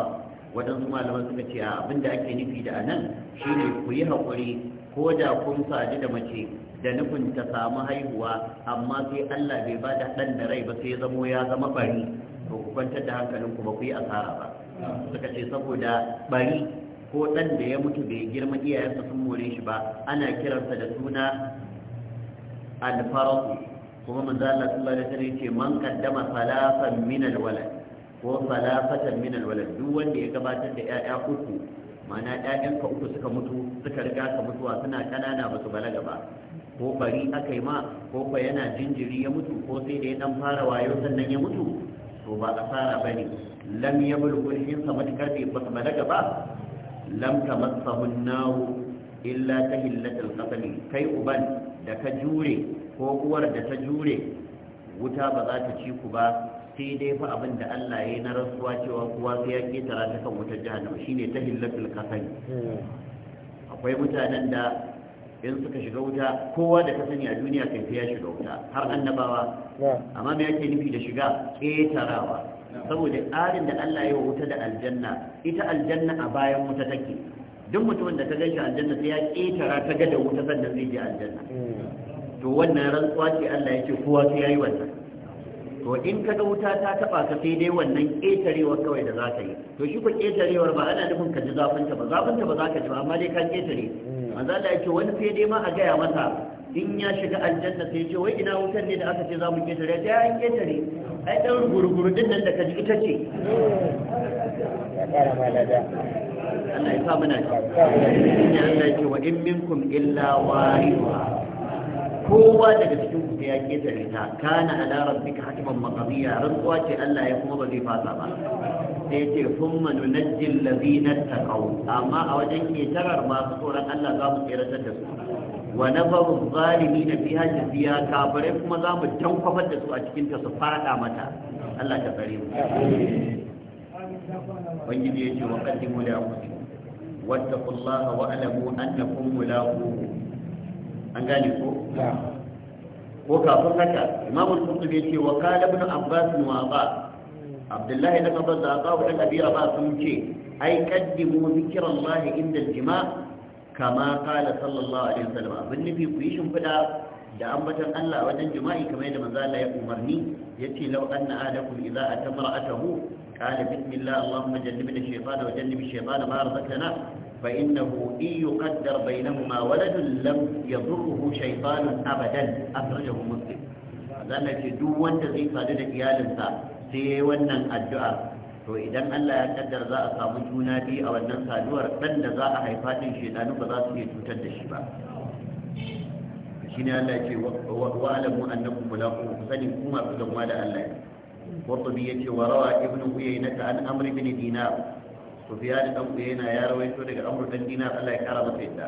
waɗansu malaman suka ce a abin da ake nufi da anan shine ku yi haƙuri ko da kun sadu da mace da nufin ta samu haihuwa amma sai Allah bai ba da ɗan da rai ba sai zamo ya zama bari to ku kwantar da hankalinku ba ku yi asara ba suka ce saboda bari ko ɗan da ya mutu bai girma iyayensa sun more shi ba ana kiransa da suna alfarasu kuma manzo Allah sallallahu alaihi wasallam man qaddama salafan min al-walad ko salafatan min al-walad duk wanda ya gabatar da ƴaƴa uku mana ƴaƴanka uku suka mutu suka riga ka mutuwa suna kanana ba su balaga ba ko bari aka yi ma ko ko yana jinjiri ya mutu ko sai da ya dan fara wayo sannan ya mutu to ba asara bane lam ya al-hinsa matakar bai ba balaga ba lam tamassahu an-naru illa tahillat al-qatl kai uban da ka jure ko uwar da ta jure wuta ba za ta ci ku ba sai dai fa abin da Allah ya yi na rasuwa cewa kuwa sai ya ketara ta kan wutar jahannama shine tahillatul qatl hmm. akwai mutanen da in suka shiga wuta kowa da ka sani a duniya kai ya shiga wuta har annabawa amma me yake nufi da shiga ƙetarawa saboda tsarin da Allah ya wuta da aljanna ita aljanna a bayan wuta take duk mutumin da ka gaishe aljanna sai ya ƙetara ta ga da wuta sannan zai je aljanna hmm. to wannan rantsuwa ce Allah ya ce kowa sai yayi wannan to in ka ga wuta ta taba ka sai dai wannan ƙetarewar kawai da za ka yi to shi ko ƙetarewar ba ana nufin ka ji ta ba Zafin ta ba za ka ji ba amma dai ka ƙetare hmm. manzo Allah yake wani sai dai ma a gaya masa in ya shiga aljanna sai ce wai ina wutar ne da aka ce za mu ketare ta an ketare ai dan gurguru din nan da kaji ita ce Allah ya sa mana ya Allah ce wa in minkum illa wariha kowa daga cikin ku ya ketare ta kana ala rabbika hakiman maqdiya rantsuwa ce Allah ya kuma ba zai fasa ba ce da yake summa nunajjil ladina taqaw amma a wajen ketarar masu tsoron Allah za mu tseratar da su wa nabaru zalimin fiha jaziya kafirai kuma za mu tankwafar da su a cikin ta su fada mata Allah ta tsare mu ubangiji yace wa qaddimu li anfusikum wattaqullaha wa alamu annakum mulaquhu an gane ko ko kafin haka imamul qurtubi yace wa qala ibn abbas wa ba abdullahi da kabar da aka wadda kabira ba sun ce ai kaddimu zikiran lahi inda jima kama kala sallallahu alaihi wasallam abin nufi ku yi shimfiɗa da ambatan Allah wajen jima'i kamar yadda manzo Allah ya umarni yace law anna adakum idza atamra'atahu qala bismillah allahumma jannibna shaytana wa jannib shaytana ma razaqtana fa innahu in yuqaddar bainahuma waladun lam yadurruhu shaytanun abadan akhrajahu muslim zalla ce duk wanda zai sadu da iyalinsa sai ya yi wannan addu'a to idan Allah ya kaddar za a samu juna biyu a wannan saduwar ɗan da za a haifa din shedanu ba za su iya cutar da shi ba shine Allah ya ce wa alamu annakum mulaqu sani kuma ku zama da Allah qurtubi yace wa rawa ibnu uyayna an amr ibn dinar sufiya da ɗan yana ya rawaito daga amur dan dina Allah ya kara masa yadda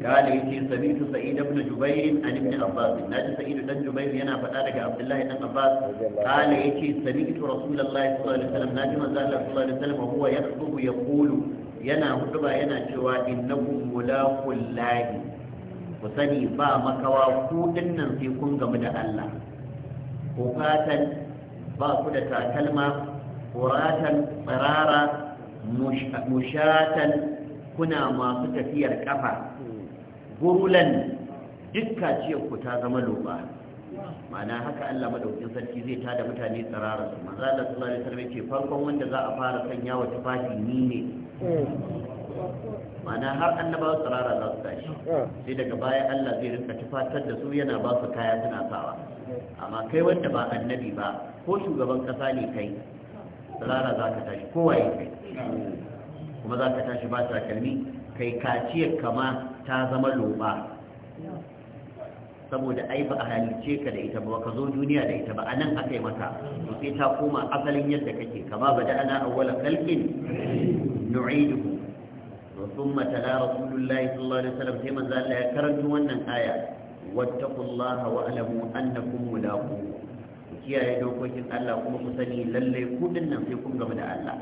kali yace sabitu sa'id ibn jubair an ibn abbas naji sa'id dan jubair yana faɗa daga abdullah dan abbas kali yace sabitu rasulullahi sallallahu alaihi wasallam naji manzo Allah sallallahu alaihi wasallam wa huwa yakhutubu yaqulu yana hutuba yana cewa innahu mulakul lahi ku sani ba makawa kuɗin nan sai kun gamu da Allah ku fatan ba ku da takalma kuratan tsirara mushatan kuna masu tafiyar kafa gurulan dukka ciyar ku ta zama loba Mana haka Allah madaukin sarki zai da mutane tsirara su manzo Allah sallallahu alaihi wasallam ce farkon wanda za a fara sanya wa tufafi ni ne Mana har su tsirara za su tashi sai daga baya Allah zai rinka tufatar da su yana ba su kaya suna sawa amma kai wanda ba annabi ba ko shugaban kasa ne kai tsirara za ka tashi kowaye kai kuma za ka tashi ba takalmi kai kaciyar kama ta zama loba saboda ai ba a halice ka da ita ba ka zo duniya da ita ba a nan aka yi maka sai ta koma asalin yadda kake kama ba da ana awwala kalkin nu'iduhu wa thumma tala rasulullahi sallallahu alaihi wasallam sai manzo Allah ya karanto wannan aya wattaqullaha wa alamu annakum mulaqu kiyaye dokokin Allah kuma ku sani lalle ku dinnan sai kun gaba da Allah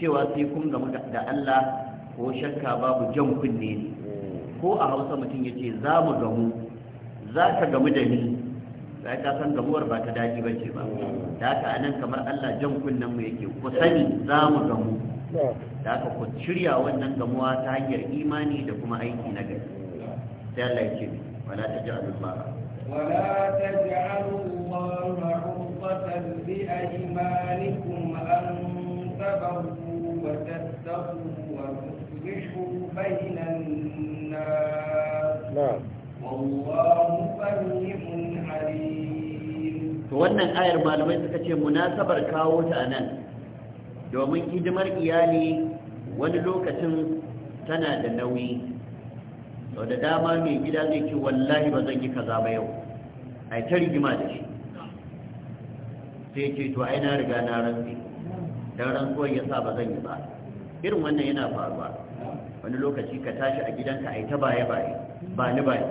cewa sai kun gamu da Allah ko shakka babu jan kunne ne ko a hausa mutum ya ce za mu gamu za ka gamu da ni sai ka san gamuwar ba ta daji ba ce ba da haka a nan kamar Allah jan kunnen mu yake ku sani za mu gamu da haka ku shirya wannan gamuwa ta hanyar imani da kuma aiki na gari sai Allah ya ce wala ta ta wala taj'alullah ولا تجعلوا الله عرضة لأيمانكم an تبروا wannan ayar malamai suka ce munasabar kawo ta nan, domin hidimar iyali wani lokacin tana da nauyi sau da dama mai gida zai ce wallahi ba zan yi kaza ba yau a ta rigima da shi sai ce to ai na riga na rantsi don rantsuwar ya sa ba zan yi ba irin wannan yana faruwa wani lokaci ka tashi a gidanka a yi ta baye baye ba ni baye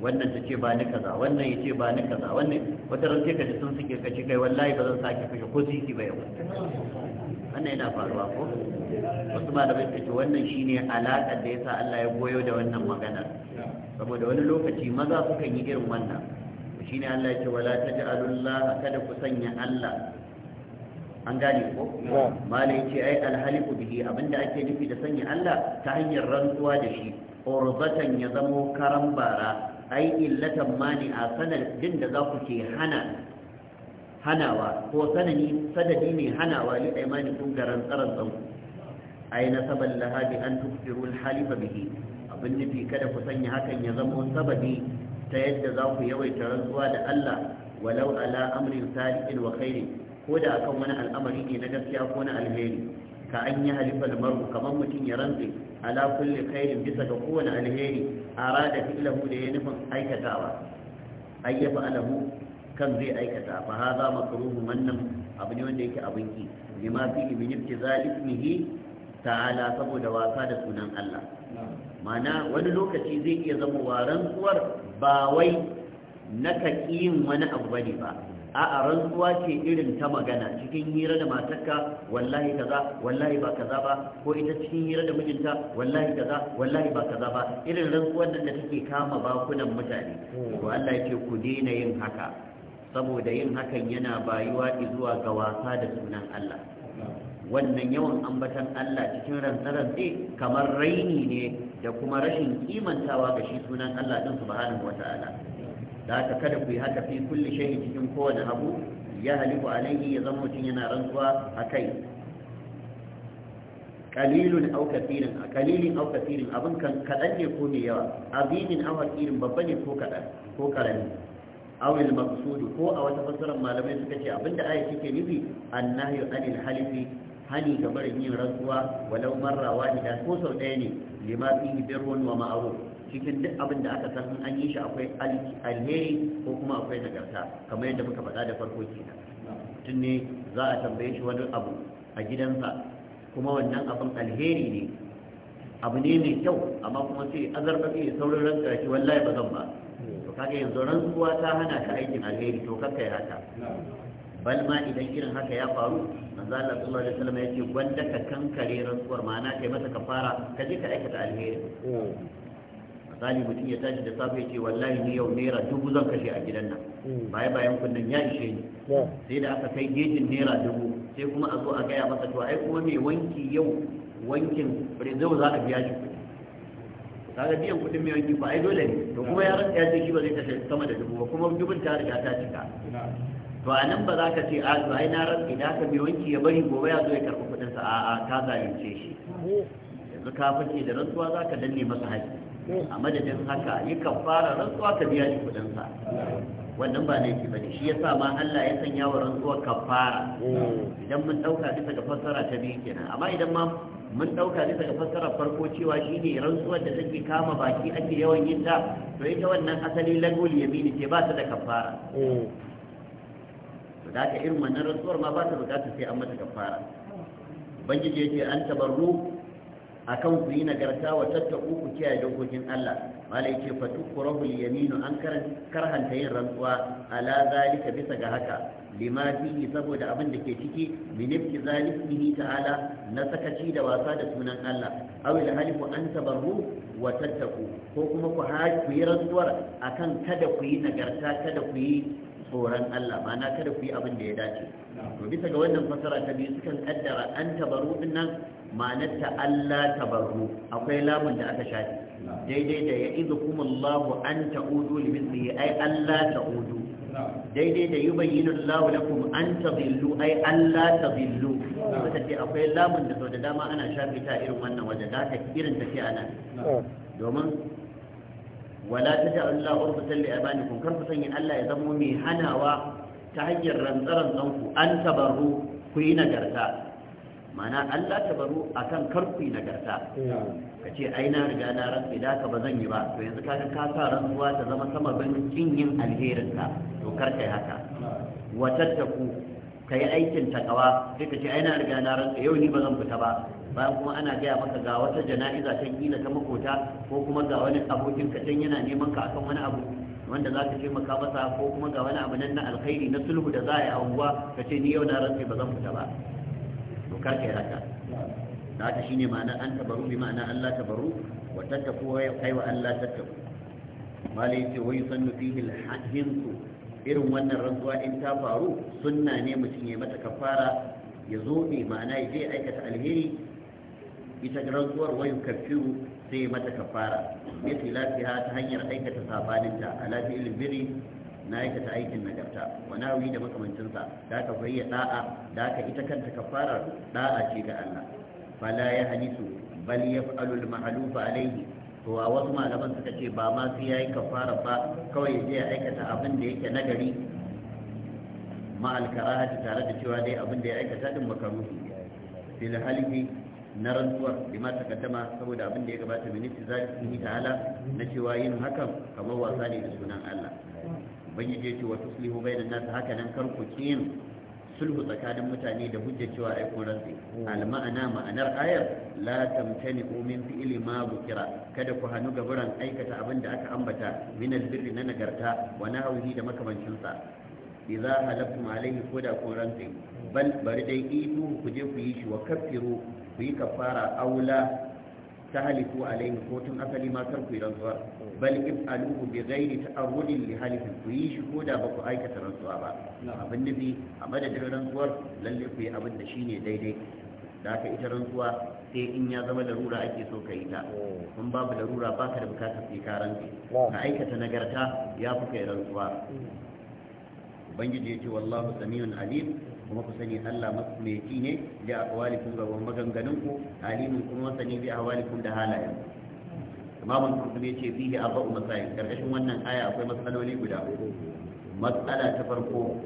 wannan ta ce ba ni kaza wannan ya ce ba ni kaza wannan wata ran sai ka ji sun suke ka ci kai wallahi ba zan sake kashe ko sisi ba yau wannan yana faruwa ko wasu malamai bai ce wannan shine alaƙar da yasa Allah ya goyo da wannan maganar saboda wani lokaci maza sukan yi irin wannan shine Allah ya ce wala taj'alullaha kada ku sanya Allah an gane ko malai ce ai alhaliku bihi abinda ake nufi da sanya Allah ta hanyar rantsuwa da shi urbatan ya zamo karan bara ai illatan mani a sanadin da za ku ke hana hanawa ko sanani sadadi ne hanawa li aimani kun garan tsaran tsan ai nasaban laha bi an tukfiru alhalifa bihi abin nufi kada ku sanya hakan ya zamo sababi ta yadda za ku yawaita rantsuwa da Allah walau ala amrin salihin wa khairin ko da akan wani al'amari ne na gaskiya ko na alheri ka an yi maru kamar mutum ya rantse ala kulli khairin bisa ga kowane alheri da fi'lahu da ya nufin aikatawa ayyafa alahu kan zai aikata fa hadha makruhu wannan abu ne wanda yake abin ki lima fi min ibtizal ismihi ta'ala saboda wasa da sunan Allah mana wani lokaci zai iya zama waran tsuwar ba wai na yin wani abu bane ba a'a rantsuwa ce irin ta magana cikin hira da matarka wallahi kaza wallahi ba kaza ba ko ita cikin hira da mijinta wallahi kaza wallahi ba kaza ba irin rantsuwar nan da take kama bakunan mutane to Allah yake ku daina yin haka saboda yin hakan yana bayuwa zuwa ga wasa da sunan Allah wannan yawan ambatan Allah cikin rantsarantsi kamar raini ne da kuma rashin kimantawa ga shi sunan Allah din subhanahu wataala da aka kada ku yi haka fi kulli shayin cikin kowane abu ya haliku alaihi ya zama mutum yana rantsuwa a kai kalilun au kasirin a kalilin au kasirin abin kan kaɗan ne ko mai yawa azimin au hakirin babba ne ko kaɗan ko karami awil maqsudu ko a wata fassarar malamai suka ce abinda aya ke nufi annahyu anil halifi hani ga barin yin rantsuwa walau marra wahida ko sau ɗaya ne lima fihi birrun wa ma'ruf cikin duk abin da aka san an yi shi akwai alheri ko kuma akwai nagarta kamar yadda muka faɗa da farko kenan mutum ne za a tambaye shi wani abu a gidansa kuma wannan abin alheri ne abu ne mai kyau amma kuma sai azarbaɓe sai saurin ranka shi wallahi ba zan ba to kaga yanzu rantsuwa ta hana ka aikin alheri to kakkai haka bal ma idan irin haka ya faru manzo Allah sallallahu alaihi wasallam yace gwanda ka kankare rantsuwar ma'ana kai mata kafara ka je ka aikata alheri mm. misali mutum ya tashi da safe ya ce wallahi ni yau naira dubu zan kashe a gidan nan baya hmm. bayan kunnen ya ishe ni sai da aka kai gejin naira dubu sai kuma a zo a gaya masa to ai kuma mai wanki yau wankin rizau za a biya shi kuɗi kaga biyan kuɗin mai wanki ba ai dole ne to kuma ya rantsa ya ce shi ba zai kashe sama da dubu ba kuma dubun ta riga ta cika to a nan ba za ka ce a ai na rantsi da aka mai wanki ya bari gobe ya zo ya karɓi kuɗinsa a ka zalunce shi hmm. yanzu ka fice da rantsuwa za ka danne masa haƙƙi a madadin haka yi kafara rantsuwa ka biya shi kudinsa wannan ba laifi bane shi yasa ma Allah ya sanya wa rantsuwa kafara hmm. idan mun dauka bisa ga fassara ta biyu kenan amma idan ma mun dauka bisa ga fassara farko cewa shine rantsuwar da take kama baki ake yawan yin ta to ita wannan asali ya bini ce ba ta da kafara hmm. to da ka irin wannan rantsuwar ma ba ta bukata sai an mata kafara ubangiji yake an tabarru akan ku yi nagarta wa tattaku ku kiyaye dokokin Allah malai ce fa rahul yaminu an karhanta yin rantsuwa ala zalika bisa ga haka lima fihi saboda abin da ke ciki min ibtizalihi ta'ala na sakaci da wasa da sunan Allah aw il halifu an tabarru wa tattaku ko kuma ku yi rantsuwar akan kada ku yi nagarta kada ku yi tsoron Allah ba na kada ku yi abin da ya dace to bisa ga wannan fasara ta biyu sukan kaddara an tabaru din nan ma'anarta Allah tabaru akwai lamun da aka shafi daidai da ya izukumullahu an ta'udu li mithlihi ai Allah ta'udu daidai da yubayyinu Allah lakum an ai Allah wata ce akwai lamun da sau da dama ana shafi ta irin wannan waje da aka irin ta ce anan domin wala taj'alu llaha urbatan li amanikum kar ku sanya Allah ya zamo mai hanawa ta hanyar rantsaran ku an tabarru ku nagarta mana Allah tabarru akan kar ku nagarta ka ce ai na riga na rantsa da ba zan yi ba to yanzu kaga ka sa rantsuwa ta zama sama bin kin yin alherin ka to kar kai haka wa tattaku ka yi aikin takawa sai ka ce ai na riga na rantsa yau ni ba zan fita ba bayan kuma ana gaya maka ga wata jana'iza ta kila ta makota ko kuma ga wani abokin ka can yana neman ka akan wani abu wanda za ka taimaka masa ko kuma ga wani abu nan na alkhairi na sulhu da za a yi a unguwa ka ce ni yau na rantsa ba zan fita ba to kar ka yi haka da haka shine ma'ana an tabaru bi ma'ana Allah tabaru wa tattaku wa kai wa Allah tattaku malai ce wai sannu fihi alhajinsu irin wannan rantsuwa in ta faru sunna ne mutum ya mata kafara ya zo ne ma'ana ya je aikata alheri ita rantsuwar wayu kafiru sai mata kafara ya lafiya ta hanyar aikata sabaninta a lafiyar biri na aikata aikin nagarta Wani hauyi da makamancinsa da aka bayyana da'a da aka ita kanta kafarar da'a ce ga Allah fala ya hanisu bal yaf'alu al-ma'lufa alaihi. to a wasu malaman suka ce ba ma sai yayi kafara ba kawai je ya aikata abin da yake nagari ma alkarahati tare da cewa dai abin da ya aikata din makaruhi fil halihi na rantsuwar bima takaddama saboda abin da ya gabata miniti zalihi ta'ala na cewa yin hakan kamar wasa ne da sunan Allah ubangiji je ce wa tuslihu bainan nas haka nan kar ku yin sulhu tsakanin mutane da hujjar cewa ai kun rantsi hmm. al-ma'ana ma'anar ayar la tamtani min fi'li ma bukira kada ku hannu gaburan aikata abin da aka ambata min albirri na nagarta wa nahwihi da makamancin sa idza halaftum koda ko da kun rantsi bal bari dai idu ku je ku yi shi wa kafiru ku yi kafara aula Tahali ko alaihi ko tun asali ma kar ku yi rantsuwa bal if'aluhu bai ghairi ta li halikin ku yi shi ko da ba ku aikata rantsuwa ba abin nufi a madadin rantsuwar lalle ku yi abin da shi ne daidai da aka ita rantsuwa sai in ya zama larura ake so ka yi ta in babu larura ba ka da bukatar sai ka ka aikata nagarta ya fi kai rantsuwa ubangiji ya ce wallahu samiyun alim kuma ku sani Allah mai ne da aqwalikum ga maganganun ku alimin kuma sani bi ahwalikum da halayen Imam ce yace a ba'u masayin karkashin wannan aya akwai masaloli guda uku mas'ala ta farko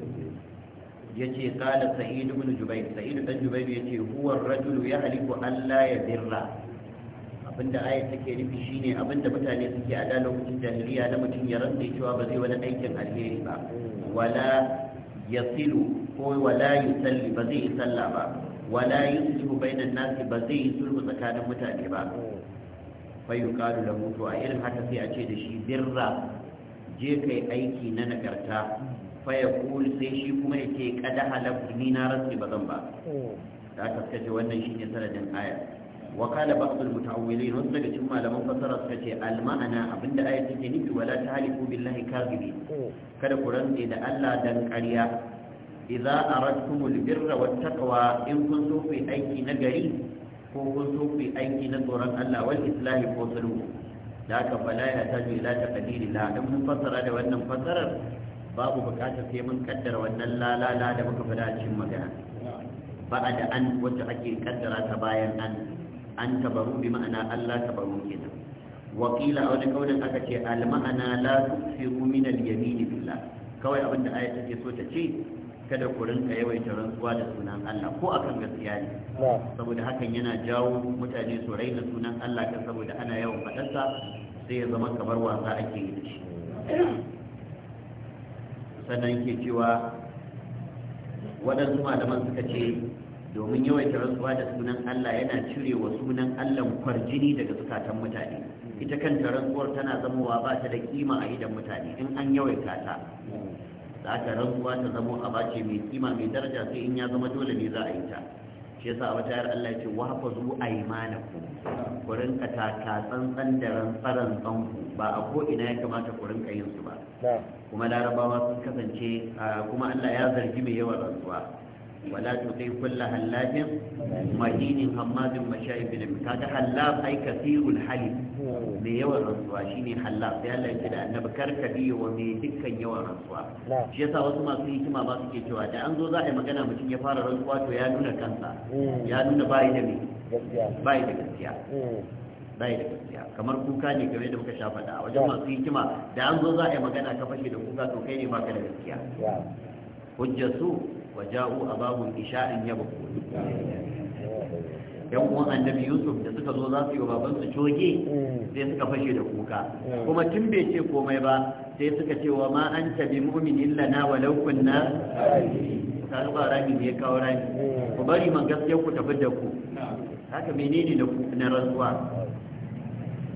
yace qala sa'id ibn jubayr sa'id ibn jubayr yace huwa ar-rajulu haliku? Allah ya dirra. abinda aya take nufi shine abinda mutane suke a da jahiliya na mutum ya rantsa cewa ba zai wani aikin alheri ba wala yasilu ko wala salli ba zai yi sallah ba wala bai bainan nasi ba zai yi sulhu tsakanin mutane ba fa yuqalu lahu a irin haka sai a ce da shi birra je kai aiki na nagarta Faya yaqul sai shi kuma yake kada ni na ba zan ba da aka kace wannan shine sanadin aya wa qala ba'd al-muta'awwilin wasu daga cikin malaman fasara suka ce alma'ana abinda ayat take nufi wala tahliku billahi kadhibin kada ku rantse da Allah dan karya. idza aradtumul birra wattaqwa in kun so aiki na gari ko kun so aiki na tsoron Allah wal islahi ko sulhu da haka fala ya taju ila taqdiri la dan mun fassara da wannan fassarar babu bukatar sai mun kaddara wannan lalala da muka fada a cikin magana ba'a da an wacce ake kaddara ta bayan an an bi ma'ana Allah tabaru kenan wakila a wani aka ce al ma'ana la kawai abinda ayat so ta ce kada ku rinka yawaita rantsuwa da sunan Allah ko akan gaskiya ne saboda hakan yana jawo mutane su raina sunan Allah kan saboda ana yawan fadarsa sai ya zama kamar wasa ake yi da sannan ke cewa waɗansu malaman suka ce domin yawaita rantsuwa da sunan Allah yana cire wa sunan Allah kwarjini daga zukatan mutane ita kanta rantsuwar tana zamowa ba ta da kima a idan mutane in an yawaita ta da aka rantsuwa ta zamo a bace mai kima mai daraja sai in ya zama dole ne za a yi ta shi yasa wata yar Allah ya ce wa fa zu aymanakum ku rinka ta tsantsan da rantsaran tsanku ba a ko ina ya kamata ku rinka yin su ba kuma larabawa sun kasance kuma Allah ya zargi mai yawan rantsuwa ولا تطيع كل هلاك مهين حماد مشاء بن مكاك حلاب اي كثير الحليب مي يوا رسوا شيني حلاب يا الله يجد ان بكر كبي ومي دكن يوا رسوا شي يسا wasu ma su hikima ba su ke cewa da an zo za a yi magana mutum ya fara rantsuwa to ya nuna kansa ya nuna bayi da me bayi da gaskiya bayi da gaskiya kamar kuka ne game da muka sha fada wajen masu hikima da an zo za a yi magana ka da kuka to kai ne ba da gaskiya hujjasu wa ja'u abahum isha'an yabku yan uwan annabi yusuf da suka zo za su yi wa babansu coge sai suka fashe da kuka kuma tun bai ce komai ba sai suka ce wa ma an tabi mu'minin lana walau kunna kaga ba rami ne kawo rami ku bari man gaskiya ku tafi da ku haka menene na na rantsuwa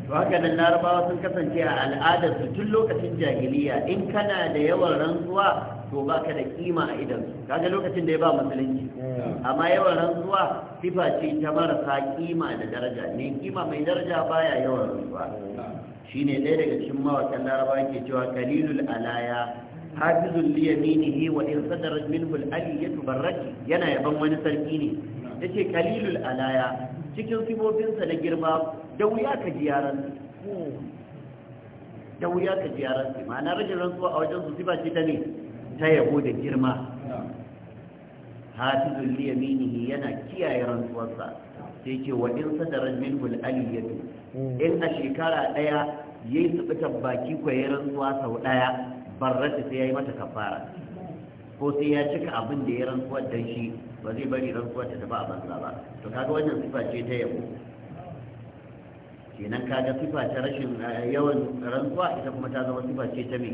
to haka nan larabawa sun kasance a al'adar su tun lokacin jahiliya in kana da yawan rantsuwa to ba ka da kima a idan kaga lokacin da ya ba musulunci hmm. amma yawan rantsuwa sifa ce ta marasa kima da daraja ne kima mai daraja baya yawan rantsuwa hmm. shine ɗaya daga cikin mawakan laraba ke cewa kalilul alaya hafizul liyaminihi wa in sadar minhu al yana yaban wani sarki ne hmm. yace kalilul alaya cikin sifofinsa na girma da wuya ka ji yaran da wuya ka ji yaran ma'ana rajin rantsuwa a wajen su sifa ce ta ne ta yabo da girma hafizul liyaminihi yana kiyaye rantsuwarsa sai ke wa in sadaran aliyatu hmm. in a shekara daya yayi tsibitar baki ko yayi rantsuwa sau daya barrata sai yayi mata kafara ko sai ya cika abin da ya rantsuwar dan shi ba zai bari rantsuwar ta tafi a banza ba to kaga wannan sifa ce ta yabo kenan kaga sifa ta rashin eh, yawan rantsuwa ita kuma ta zama sifa ce ta mai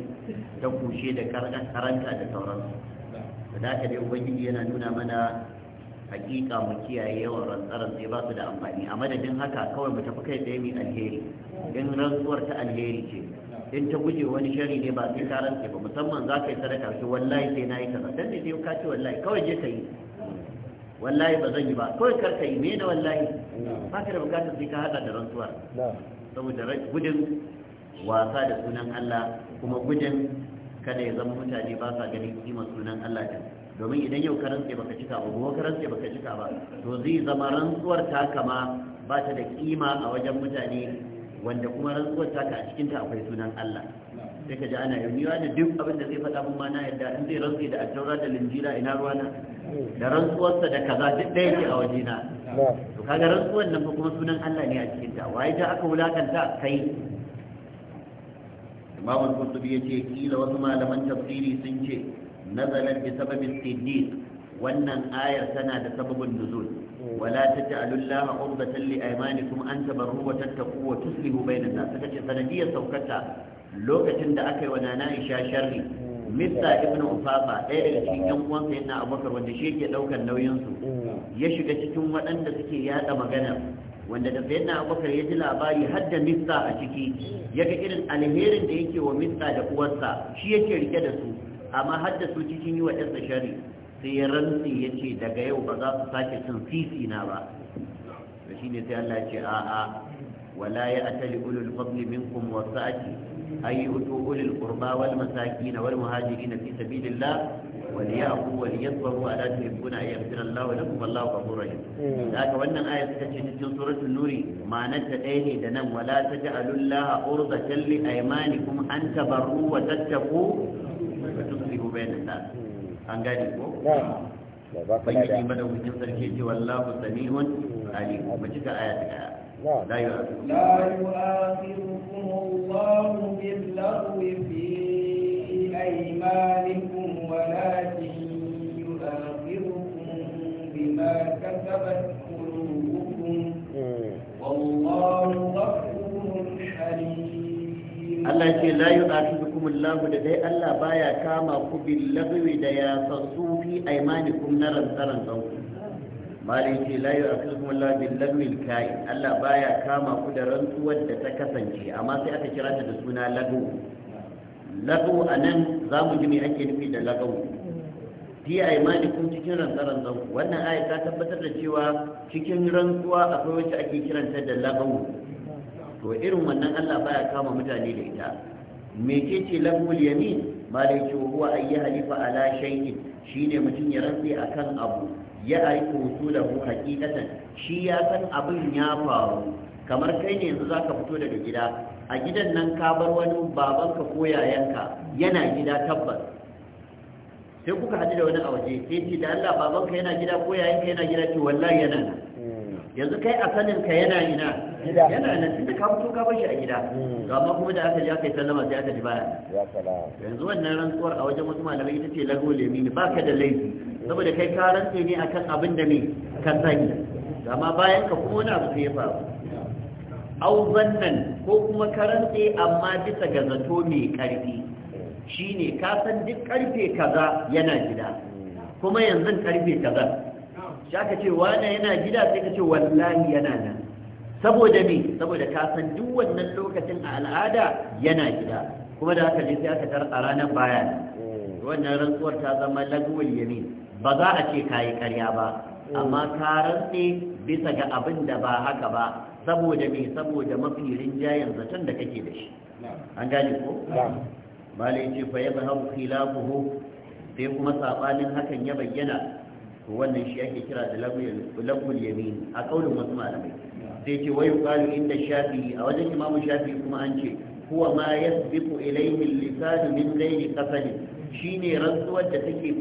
ta kushe da karanta da sauransu da haka dai ubangiji yana nuna mana hakika mu kiyaye yawan rantsaran sai ba su da amfani a madadin haka kawai mu tafi kai tsaye mai alheri in rantsuwar ta alheri ce in ta guje wani shari ne ba sai ka rantse ba musamman za ka yi sadaka shi wallahi sai na yi kaza dan ne sai ka ce wallahi kawai je ka yi wallahi ba zan yi ba kawai karka yi me da wallahi ba ka da bukatar sai ka hada da rantsuwa saboda gudun wasa da sunan Allah kuma gudun kada ya zama mutane ba sa ganin kimar sunan Allah din domin idan yau ka rantse baka cika ba gobe ka rantse baka cika ba to zai zama rantsuwar ta kama ba ta da kima a wajen mutane wanda kuma rantsuwar ta ka a cikin ta akwai sunan Allah sai ka ji ana yi da duk abin da zai faɗa mun ma na yadda in zai rantsi da attaura da linjira ina na. da rantsuwarsa da kaza duk ɗaya ce a wajena to kaga rantsuwar nan fa kuma sunan Allah ne a cikin ta waye da aka wulakanta kai Imam Al-Qurtubi yace kila wasu malaman tafsiri sun ce nazalat bi sababin siddiq wannan ayar tana da sababin nuzul ولا تجعلوا an عرضة لأيمانكم أن تبروا وتتقوا وتصلحوا بين الناس فكتش سندية saukata. lokacin da aka yi wa nana isha sharri mista ibn ufafa ɗaya daga cikin yan uwansa yana abubakar wanda shi yake ɗaukar nauyinsu ya shiga cikin waɗanda suke yaɗa magana wanda da sayyidina abubakar ya ji labari har da mista a ciki ya ga irin alherin da yake wa mista da uwarsa shi yake rike da su amma har da su cikin yi wa ɗansa shari sai ya rantsi ya ce daga yau ba za su sake cin sisi na ba da shi ne sai Allah ce a'a ولا يأتل أولو الفضل منكم والسعة أن يؤتوا أولي القربى والمساكين والمهاجرين في سبيل الله وليأخوا وليصبروا ألا تحبون أن يغفر الله لكم الله غفور رحيم ذاك وأن آية تكتشف سورة النور ما نتأيه دنا ولا تجعلوا الله عرضة لأيمانكم أن تبروا وتتقوا وتصلحوا بين الناس an gane ko? Ubangiji madaukakin sarki ce wallahu sami'un alim mu cika aya ta لا يؤاخذكم الله باللغو في أيمانكم ولكن يؤاخذكم بما كسبت قلوبكم والله غفور حليم الله لا يؤاخذكم الله لدي ألا بايا baya kama ku bil lagwi da ya fasu fi aimanikum maliki ce la yu'akhidhukum Allah bil lagwil ka'i Allah baya kama ku da rantsuwar da ta kasance amma sai aka kira ta da suna lagu lagu anan zamu ji mai ake nufi da lagu fi aymanikum cikin rantsaran zan wannan aya ta tabbatar da cewa cikin rantsuwa akwai wacce ake kiranta da lagu to irin wannan Allah baya kama mutane da ita Me mecece lagul yamin malai ce huwa ayyi halifa ala shay'in shine mutum ya rantsi akan abu ya da ku hakikatan shi ya san abin ya faru kamar kai ne yanzu za ka fito daga gida a gidan nan ka bar wani babanka ko yayanka yana gida tabbas sai kuka haɗu da wani a waje sai ce da Allah babanka yana gida ko yayanka yana gida ce wallahi yana nan yanzu kai a sanin ka yana ina yana nan tunda ka fito ka bashi a gida hmm. to amma kuma da aka je aka yi sallama sai aka ji baya yanzu wannan rantsuwar a wajen wasu malamai ita ce lago lemi ba ka da laifi saboda kai ka rantse ne akan abin da ne ka sani amma bayan ka kuma wani abu sai ya faru au zannan ko kuma ka amma bisa ga zato mai karfi shine ka san duk karfe kaza yana gida hmm. kuma yanzu karfe kaza shaka ce wani yana gida sai ka ce wallahi yana nan saboda me saboda ka san duk wannan lokacin a al'ada yana gida kuma da haka ne sai aka tar a ranar baya wannan rantsuwar ta zama lagwal yamin ba za a ce kayi karya ba amma ka rantse bisa ga abin da ba haka ba saboda me saboda mafi rinjayen zaton da kake da shi an gane ko malai ce fa yadhhabu khilafuhu sai kuma sabanin hakan ya bayyana to wannan shi ake kira da lagul yamin a kaulin wasu malamai sai ce wai qalu inda shafi a wajen imam shafi kuma an ce huwa ma yasbiqu ilayhi al-lisan min ghayri qasd shine rantsuwar da take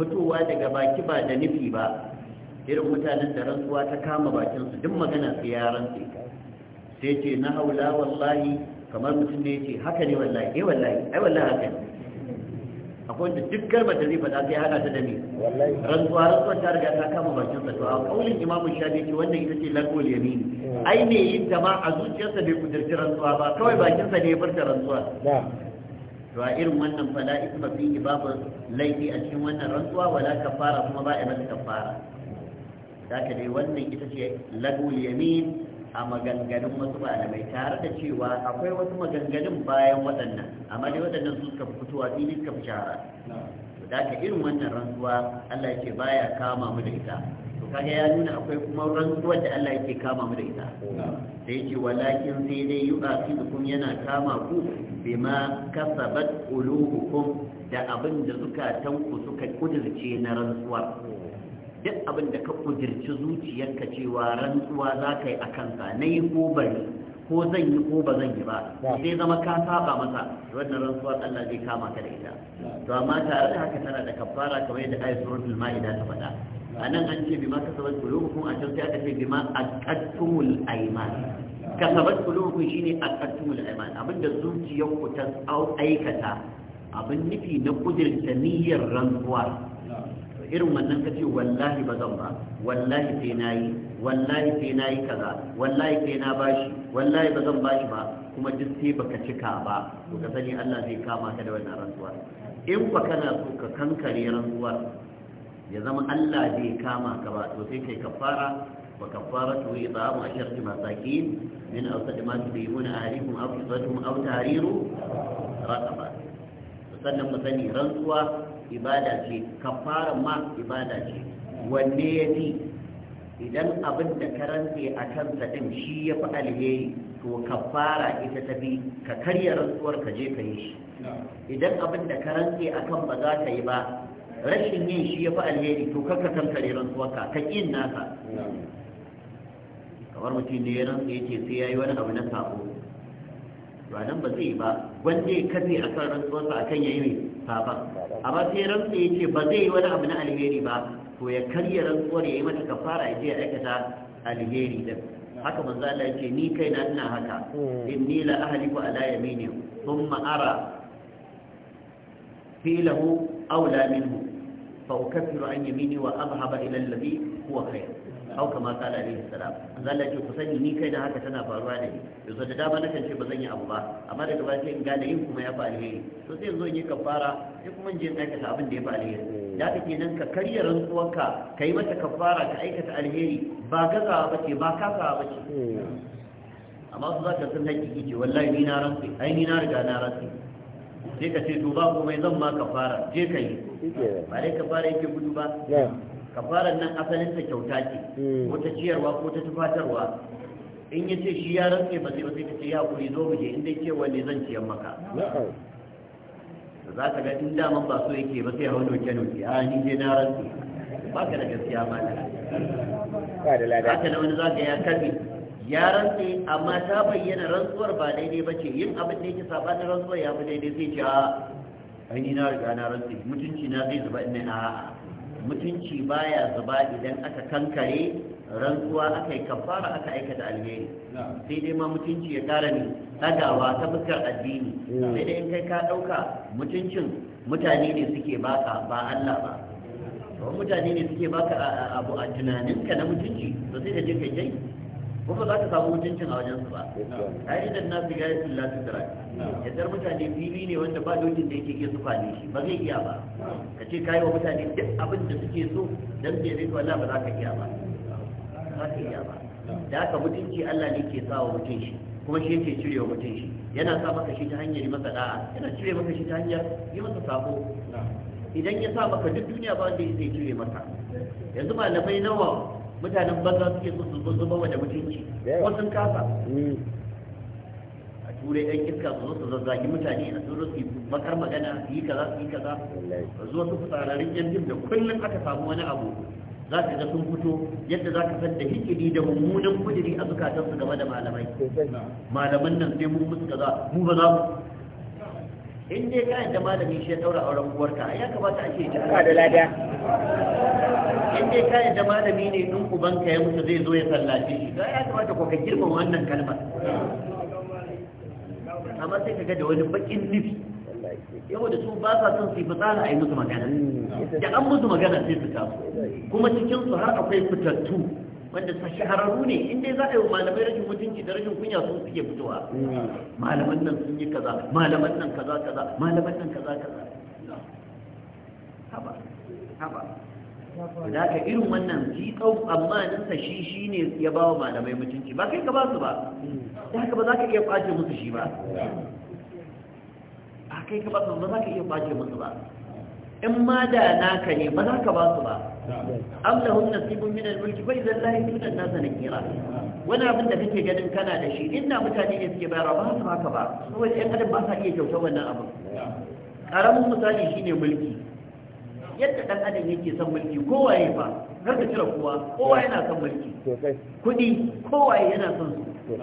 fitowa daga baki ba da nufi ba irin mutanen da rantsuwa ta kama bakin su duk magana sai ya rantsi sai ce na haula wallahi kamar mutum ne ce haka ne wallahi eh wallahi ai wallahi haka ne akwai wanda duk garba da zai faɗa sai hada ta da ni rantsuwa rantsuwa ta riga ta kama bakin sa to a kaulin imamu shafi ce wannan ita ce lagol yamini hmm. ai ne yin ta ma a zuciyarsa bai kudurci rantsuwa ba kawai bakin sa ne ya furta rantsuwa to a irin wannan fala isma fihi babu laifi a cikin wannan rantsuwa wala kafara kuma ba a mata Za ka dai wannan ita ce lagol yamin a maganganun wasu malamai tare da cewa akwai wasu maganganun bayan waɗannan amma dai waɗannan su suka fitowa fili suka fi to da ka irin wannan rantsuwa Allah yake ce baya kama mu da ita to kaga ya nuna akwai kuma rantsuwar da Allah yake kama mu da ita sai ce walakin sai dai yu'afidukum yana kama ku bima kasabat qulubukum da abin da tanku suka kudirce na rantsuwa duk abin da ka kudirci zuciyarka cewa rantsuwa za ka yi a kansa na yi ko bari ko zan yi ko ba zan yi ba sai zama ka saba masa wannan rantsuwar Allah zai kama ka da ita to amma tare da haka tana da kafara kamar yadda ayat suratul maida ta faɗa anan an ce bima kasabat qulubukum a can aka ce bima aqattumul ayman kasabat qulubukum shine aqattumul ayman abinda zuciyarku ta aikata abin nufi na kudirta niyyar rantsuwa irin wannan ka ce wallahi ba zan ba wallahi sai na yi wallahi sai na yi kaza wallahi sai na bashi wallahi ba zan bashi ba kuma duk sai baka cika ba to ka sani Allah zai kama ka da wannan rantsuwa in ba kana so ka kankare rantsuwa ya zama Allah zai kama ka ba to sai kai kafara وكفارته إطعام عشرة مساكين من أوسط ما تبيهون أهلكم أو كسوتهم أو تهرير رقبة sannan mu sani rantsuwa ibada ce kafara ma ibada ce wanne ya fi idan abin da ka rantse a kansa din shi ya fi alheri to kafara ita ta bi ka karya rantsuwar ka je ka yi shi idan abin da ka rantse a kan ba za ka yi ba rashin yin shi ya fi alheri to kan kankare rantsuwar ka ka ƙin nasa kamar mutum ne ya rantse ya ce sai ya yi wani abu na sabo Ba nan ba zai yi ba wanda ka zai a kan rantsuwarsa a kan ya yi saban amma sai rantsa ya ce ba zai yi wani abu na alheri ba to ya karya rantsuwar ya yi mata kafara ya je ya aikata alheri din haka manzo Allah ya ce ni kaina ina haka hmm. inni la ahliku ala yamini thumma ara filahu aula minhu fa ukaffiru an yamini wa adhhaba ila alladhi huwa khair au kama kala alaihi salam zalla ce ku sani ni kai da haka tana faruwa da ni yanzu da dama nakan ce ba zan yi abu ba amma daga baya sai in gane yin kuma ya fa alheri to sai yanzu in yi kafara sai kuma in je in aikata abin da ya fa alheri da kake nan ka karya rantsuwarka kai mata kafara ka aikata alheri ba gazawa ce ba kasawa ce. amma su za ka san hakiki ce wallahi ni na rantsi ai ni na riga na rantsi sai ka ce to ba komai zan ma kafara je ka yi ba dai kafara yake gudu ba kafarar nan asalin ta kyauta ce hmm. ko ta ciyarwa ko ta tufatarwa in ya ce shi ya rantse ba zai ba sai ta ce ya kuri zo muje inda ke wanne zan ciyar maka za ka ga in daman ba so yake ba sai hau ke nuke a ah, ni je na rantse ba ka da gaskiya ma da haka na wani za ka ya kabi ya rantse amma ta bayyana rantsuwar ba daidai ba ce yin abin da yake sabanin rantsuwar ya fi daidai sai ce a ah, ni na riga na rantse mutunci na zai zuba ina a mutunci baya zuba idan aka kankare rantsuwa aka yi kafara aka aikata alheri sai dai ma mutunci ya kara ne dagawa ta fuskar addini sai dai in kai ka ɗauka mutuncin mutane ne suke baka ba Allah ba to mutane ne suke baka abu a tunaninka na mutunci to sai da je kai kuma za ka samu mutuncin a wajen su ba yi da nasu ga yasin lati tara yadda mutane fili ne wanda ba dokin da yake ke su fane shi ba zai iya ba ka ce yi wa mutane duk abin da suke so don bai zai wallahi ba za ka iya ba za ka iya ba da haka mutunci Allah ne ke sa wa mutum shi kuma shi yake cire wa mutum shi yana sa maka shi ta hanyar yi masa da'a yana cire maka shi ta hanyar yi masa sako idan ya sa maka duk duniya ba wanda zai cire maka yanzu malamai nawa mutanen banza suke so su zuba wa da mutunci ko sun kasa hmm. a turai ɗan iska su zo su zazzagi mutane a turo su makar magana su yi kaza su yi kaza su wasu yan jim da kullum aka samu wani abu za ka ga sun fito yadda za ka san da hikiri da mummunan kudiri a zukatansu game da malamai malaman nan sai mun musu kaza mu ba za mu in dai ka da malami shi ya a auren uwarka ya kamata a ce ta da lada in dai ka da malami ne in ubanka ya mutu zai zo ya sallace shi ga ya kamata ko ka girma wannan kalmar amma sai ka ga da wani bakin nufi yau da su ba sa son su yi fitsara a yi musu magana mm. da an musu magana sai su kasu, kuma cikin su har akwai fitattu wanda su shahararru ne in dai za a yi wa malamai rashin mutunci da rashin kunya sun suke fitowa malaman nan sun yi kaza malaman nan kaza kaza malaman nan kaza kaza haba haba da ka irin wannan ji tsau amma nan sa shi shi ne ya ba wa malamai mutunci ba kai ka ba su ba da haka ba za ka iya kwace musu shi ba a kai ka ba su ba za ka iya kwace musu ba in ma da naka ne ba za ka ba su ba am lahum nasibun min al-mulki fa idza la wani abin da kake ganin kana da shi inda mutane ne suke bayarwa ba su haka ba saboda ɗan adam ba sa iya kyauta wannan abin karamin misali shine mulki yadda ɗan adam yake son mulki kowaye fa har ka cire kowa kowa yana son mulki kuɗi kowaye yana son su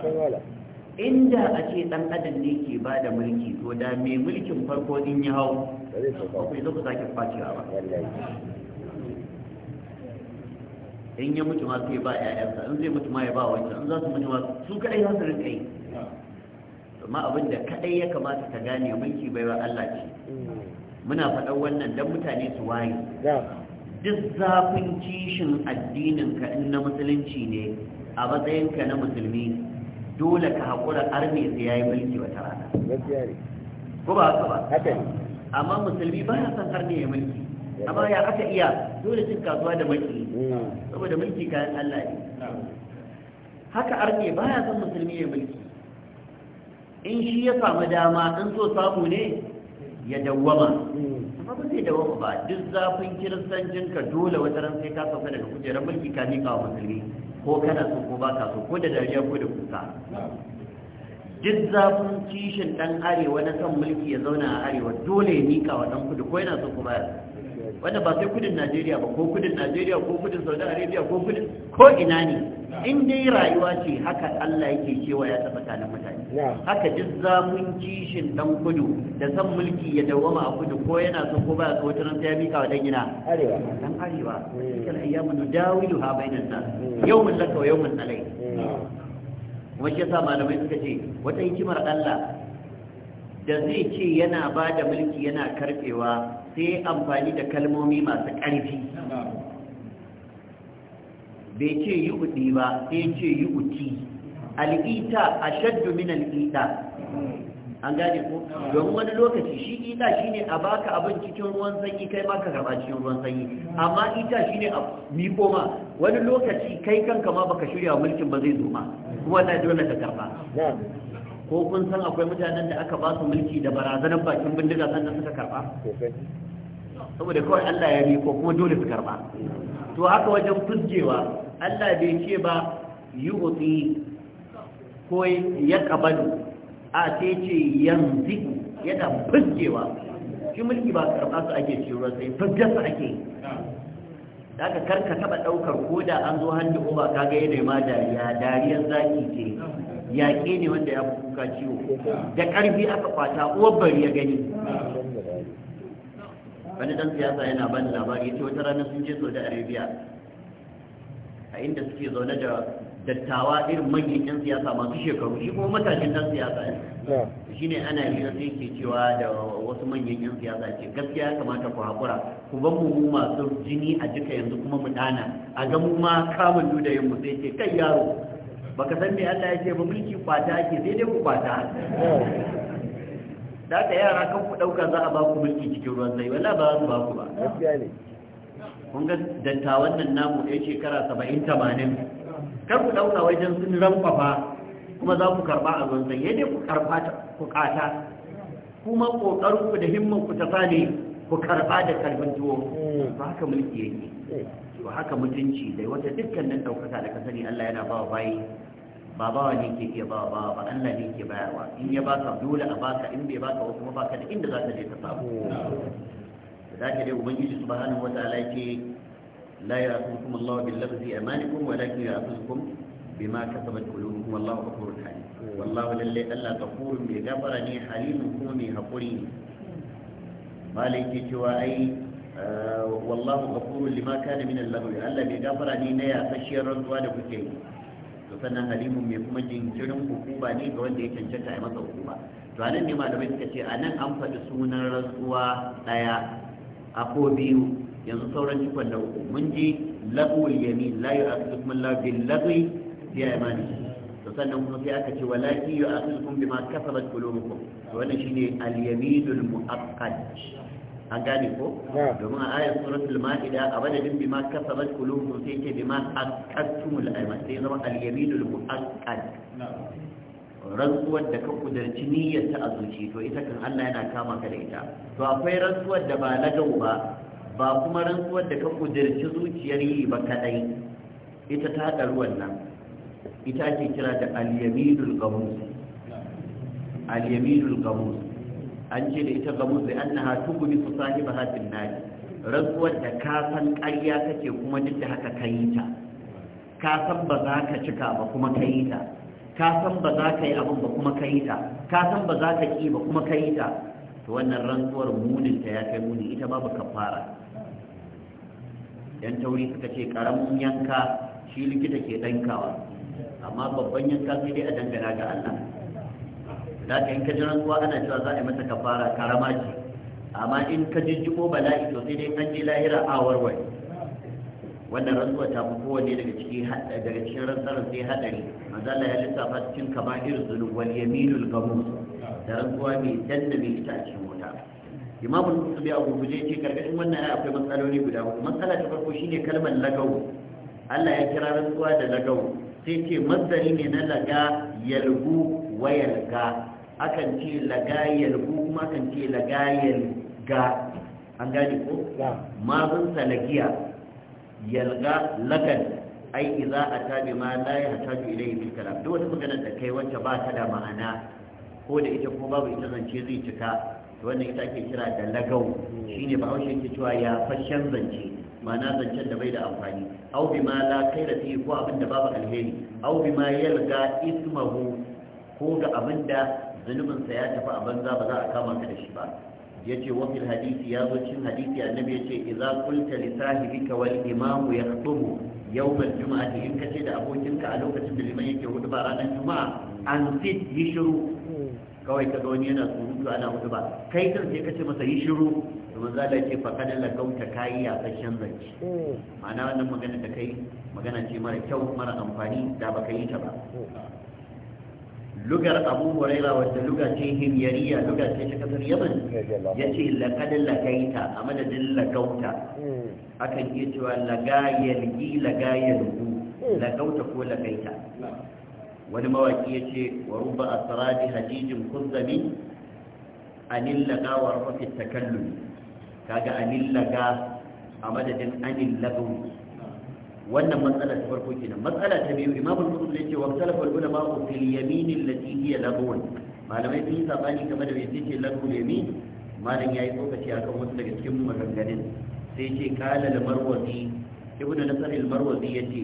inda a ce dan adam ne ke ba da mulki to da mai mulkin farko in ya hau akwai zo sake kwacewa ba in ya mutu ma sai ba ƴaƴansa in zai mutu ma ya ba wancan in za su mutu ma su kaɗai za su rinka yi amma abin da kaɗai ya kamata ka gane mulki bai wa Allah ce mm. muna faɗan wannan dan mutane su waye duk zafin kishin addinin ka in na musulunci ne a matsayin ka na musulmi dole ka haƙura arme sai ya yi mulki wata rana ko ba haka ba amma musulmi ba ya son arme ya mulki amma ya aka iya dole cin kasuwa da mulki mm. saboda mulki kayan Allah ne haka arme ba ya son musulmi ya mulki in shi ya samu dama in so samu ne ya dawwama mm. amma ba zai dawwama ba duk zafin kiristancinka dole wata ran sai ka sauka daga kujerar mulki ka miƙa wa musulmi ko kana so ko baka so ko da dariya ko da kusa duk zafin kishin dan arewa na kan mulki ya zauna a arewa dole ya mika wa dan kudu ko yana so ko baya wanda ba sai kudin Najeriya ba ko kudin Najeriya ko kudin Saudi Arabia ko kudin ko ina ne in dai rayuwa ce haka Allah yake cewa ya taɓa tanin mutane haka duk zamun kishin dan kudu da san mulki ya dawama a kudu ko yana so ko ba so wata ran sai ya mika wa dangina arewa dan arewa cikin ayyamun dawilu ha bainan nas mm. yawmul laka wa yawmul alai mm. wace yasa malamai suka ce wata hikimar Allah da zai ce yana ba da mulki yana karfewa. sai amfani da kalmomi masu ƙarfi bai ce yi uɗi ba sai ce yi uti al'ita a shaddu min al'ita an gane ko don wani lokaci shi ita shine a baka abin cikin ruwan sanyi kai baka gaba cikin ruwan sanyi amma ita shine a miko ma wani lokaci kai kanka ma baka shirya mulkin ba zai zo ma kuma na dole ka karba ko kun san akwai mutanen da aka ba su mulki da barazanar bakin bindiga sannan suka karba saboda kawai Allah ya yi ko kuma dole su karba to haka wajen fuskewa Allah bai ce ba yu'ti ko ya kabalu a ce ce yanzu yana fuskewa shi mulki ba karba su ake ciwo sai fuskar su ake yi da aka karka taba daukar ko da an zo hannu uba kaga yana ma dariya dariyar zaki ce yaƙe ne wanda ya fi kuka ciwo da ƙarfi aka kwata uwar bari ya gani wani ɗan siyasa yana bani labari ya ce wata rana sun je saudi arabia a inda suke zaune da dattawa irin manyan ɗan siyasa masu shekaru shi kuma matashin ɗan siyasa ne shi ne ana yi sai ke cewa da wasu manyan yan siyasa ce gaskiya kamata ku haƙura ku ban mu masu jini a jika yanzu kuma mu dana a ga mu ma kamun dudayen mu sai ce kai yaro baka san me Allah ya ce ba mulki kwata ake sai dai ku kwata da ka yara kan ku dauka za a ba ku mulki cikin ruwan sai wala ba su ba ku ba kun ga dattawan nan namu ɗaya shekara saba'in tamanin kar ku dauka wajen sun ramfafa kuma za ku karba a ruwan sai yadda ku karba ku kata kuma kokarin ku da himman ku ta sani ku karba da karfin tuwo hmm. ba haka mulki yake hmm. to haka mutunci da wata dukkanin ɗaukaka da ka sani Allah yana ba wa bayi ba bawa ne ke iya bawa bawa ba Allah ne ke bayarwa in ya baka dole a baka in bai baka wasu baka da inda zaka je ka samu da zaka dai ubangiji subhanahu wa ta'ala yake la ya'tukum Allah bil lafzi amanikum walakin ya'tukum bima kasabat qulubukum wallahu ghafurur halim wallahu lalle Allah ghafurun bi gafara ne halimun kuma mai hakuri ne malaki cewa ai wallahu ghafurun lima kana min al-lagwi Allah bai gafara ne na ya fashiyar rantsuwa da kuke yi sannan halimun mai kuma jinkirin hukuma ne ga wanda ya cancanta a masa hukuma to a nan ne malamai suka ce a nan an faɗi sunan rantsuwa ɗaya a ko biyu yanzu sauran cikon da uku mun ji laqul yamin la yu'akhidhukum Allahu bil lagwi fi aymanikum to sannan kuma sai aka ce walaki yu'akhidhukum bima kasabat qulubukum to wannan shine al yaminul muaqqad an gane ko domin a ayar al ma'ida a madadin ma kasabat qulubuhum sai ke aqattum al ayman sai zama al al-muqaddad rantsuwar da ka kudarci niyyar a zuci to ita kan Allah yana kama ka da ita to akwai rantsuwar da ba na gau ba ba kuma rantsuwar da ka kudarci zuciyar yi ba kadai ita ta haɗar wannan ita ce kira da al al gamus al al gamus an ce da ita an na hatu guni su ba fil nari rantsuwar da ka san ƙarya kake kuma duk da haka yi ta ka san ba za ka cika ba kuma yi ta ka san ba za ka yi abin ba kuma yi ta ka san ba za ka ƙi ba kuma yi ta to wannan rantsuwar munin ta ya kai muni ita babu kafara yan tauri suka ce karamin yanka shi likita ke ɗankawa. amma babban yanka sai dai a dangana ga Allah da ka in ka ji rantsuwa ana cewa za a yi mata kafara karama ce amma in ka jijjibo bala'i to sai dai an je lahira a warware wannan rantsuwa ta fi kowanne daga ciki daga cikin rantsarar sai hadari mazalla ya lissafa cikin irin zulum wal yaminul gamus da rantsuwa mai danna mai ita a cikin wuta imamu musulmi a guje ce karkashin wannan ya akwai matsaloli guda hudu matsala ta farko shine kalmar lagau. Allah ya kira rantsuwa da lagau. sai ce mazari ne na laga yalgu wa yalga akan ce lagayar ko kuma akan ce lagayar ga an gani ko mazun salagiya yalga lagan ai idza ata bi ma la yahtaju ilayhi bil kalam duk wata magana da kai wacce ba ta da ma'ana ko da ita ko babu ita zance zai cika to wannan ita ake kira da lagau shine ba haushe yake cewa ya fashen zance ma'ana zancen da bai da amfani au bi ma la kaira fi ko abin da babu alheri au bi ma yalga ismahu ko ga abin da zunubin sa ya tafi a banza ba za a kama ka da shi ba yace wa fil hadisi ya zo cin hadisi annabi yace idza qulta li sahibika wal imamu yakhutubu yawm al in kace da abokinka a lokacin da liman yake hudu ba ranar juma'a an fit yi kawai kaga wani yana surutu ana hudu ba kai kan sai kace masa yi shiru to manzo da yace fa kana la kauta kai ya kashin zanci ma'ana wannan magana da kai magana ce mara kyau mara amfani da baka yi ta ba lugar abu huraira wadda luga ce himyariya luga ce ta kasar yaman ya ce laƙadin lagaita a madadin lagauta hmm. akan iya cewa lagayar gi lagayar gu hmm. lagauta ko lagaita wani mawaki ya ce wa ruba a sarari hajijin kuzzami anin laga wa rufafi takallumi kaga anin laga a madadin anin lagawi wannan matsala ta farko kenan matsala ta biyu imam al-qurtubi ce wa salafa ulama fil yamin allati hiya labun malamai sun yi sabani game da yace ce lagu yamin malam yayi tsokaci akan wasu daga cikin maganganun sai yace qala al-marwazi ibn nasr al-marwazi yace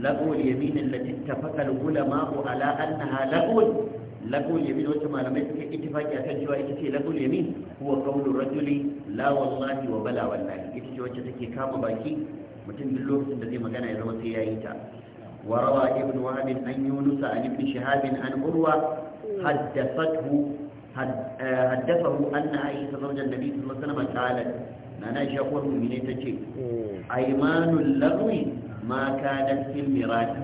lagu yamin allati ittafaqa al-ulama ala annaha lagu lagu yamin wacce malamai suka ittifaki akan cewa ita ce lagu yamin huwa qawlu rajuli la wallahi wa bala wallahi ita ce wacce take kama baki mutum duk lokacin da zai magana ya zama sai ya yi ta wa rawa ibn an yunus an ibn shihab an urwa haddathahu eh, haddathahu anna aisha zawjan nabi sallallahu alaihi wasallam qalat nana shi akwai mu'mini tace hmm. aymanul lagwi ma kana fil mirad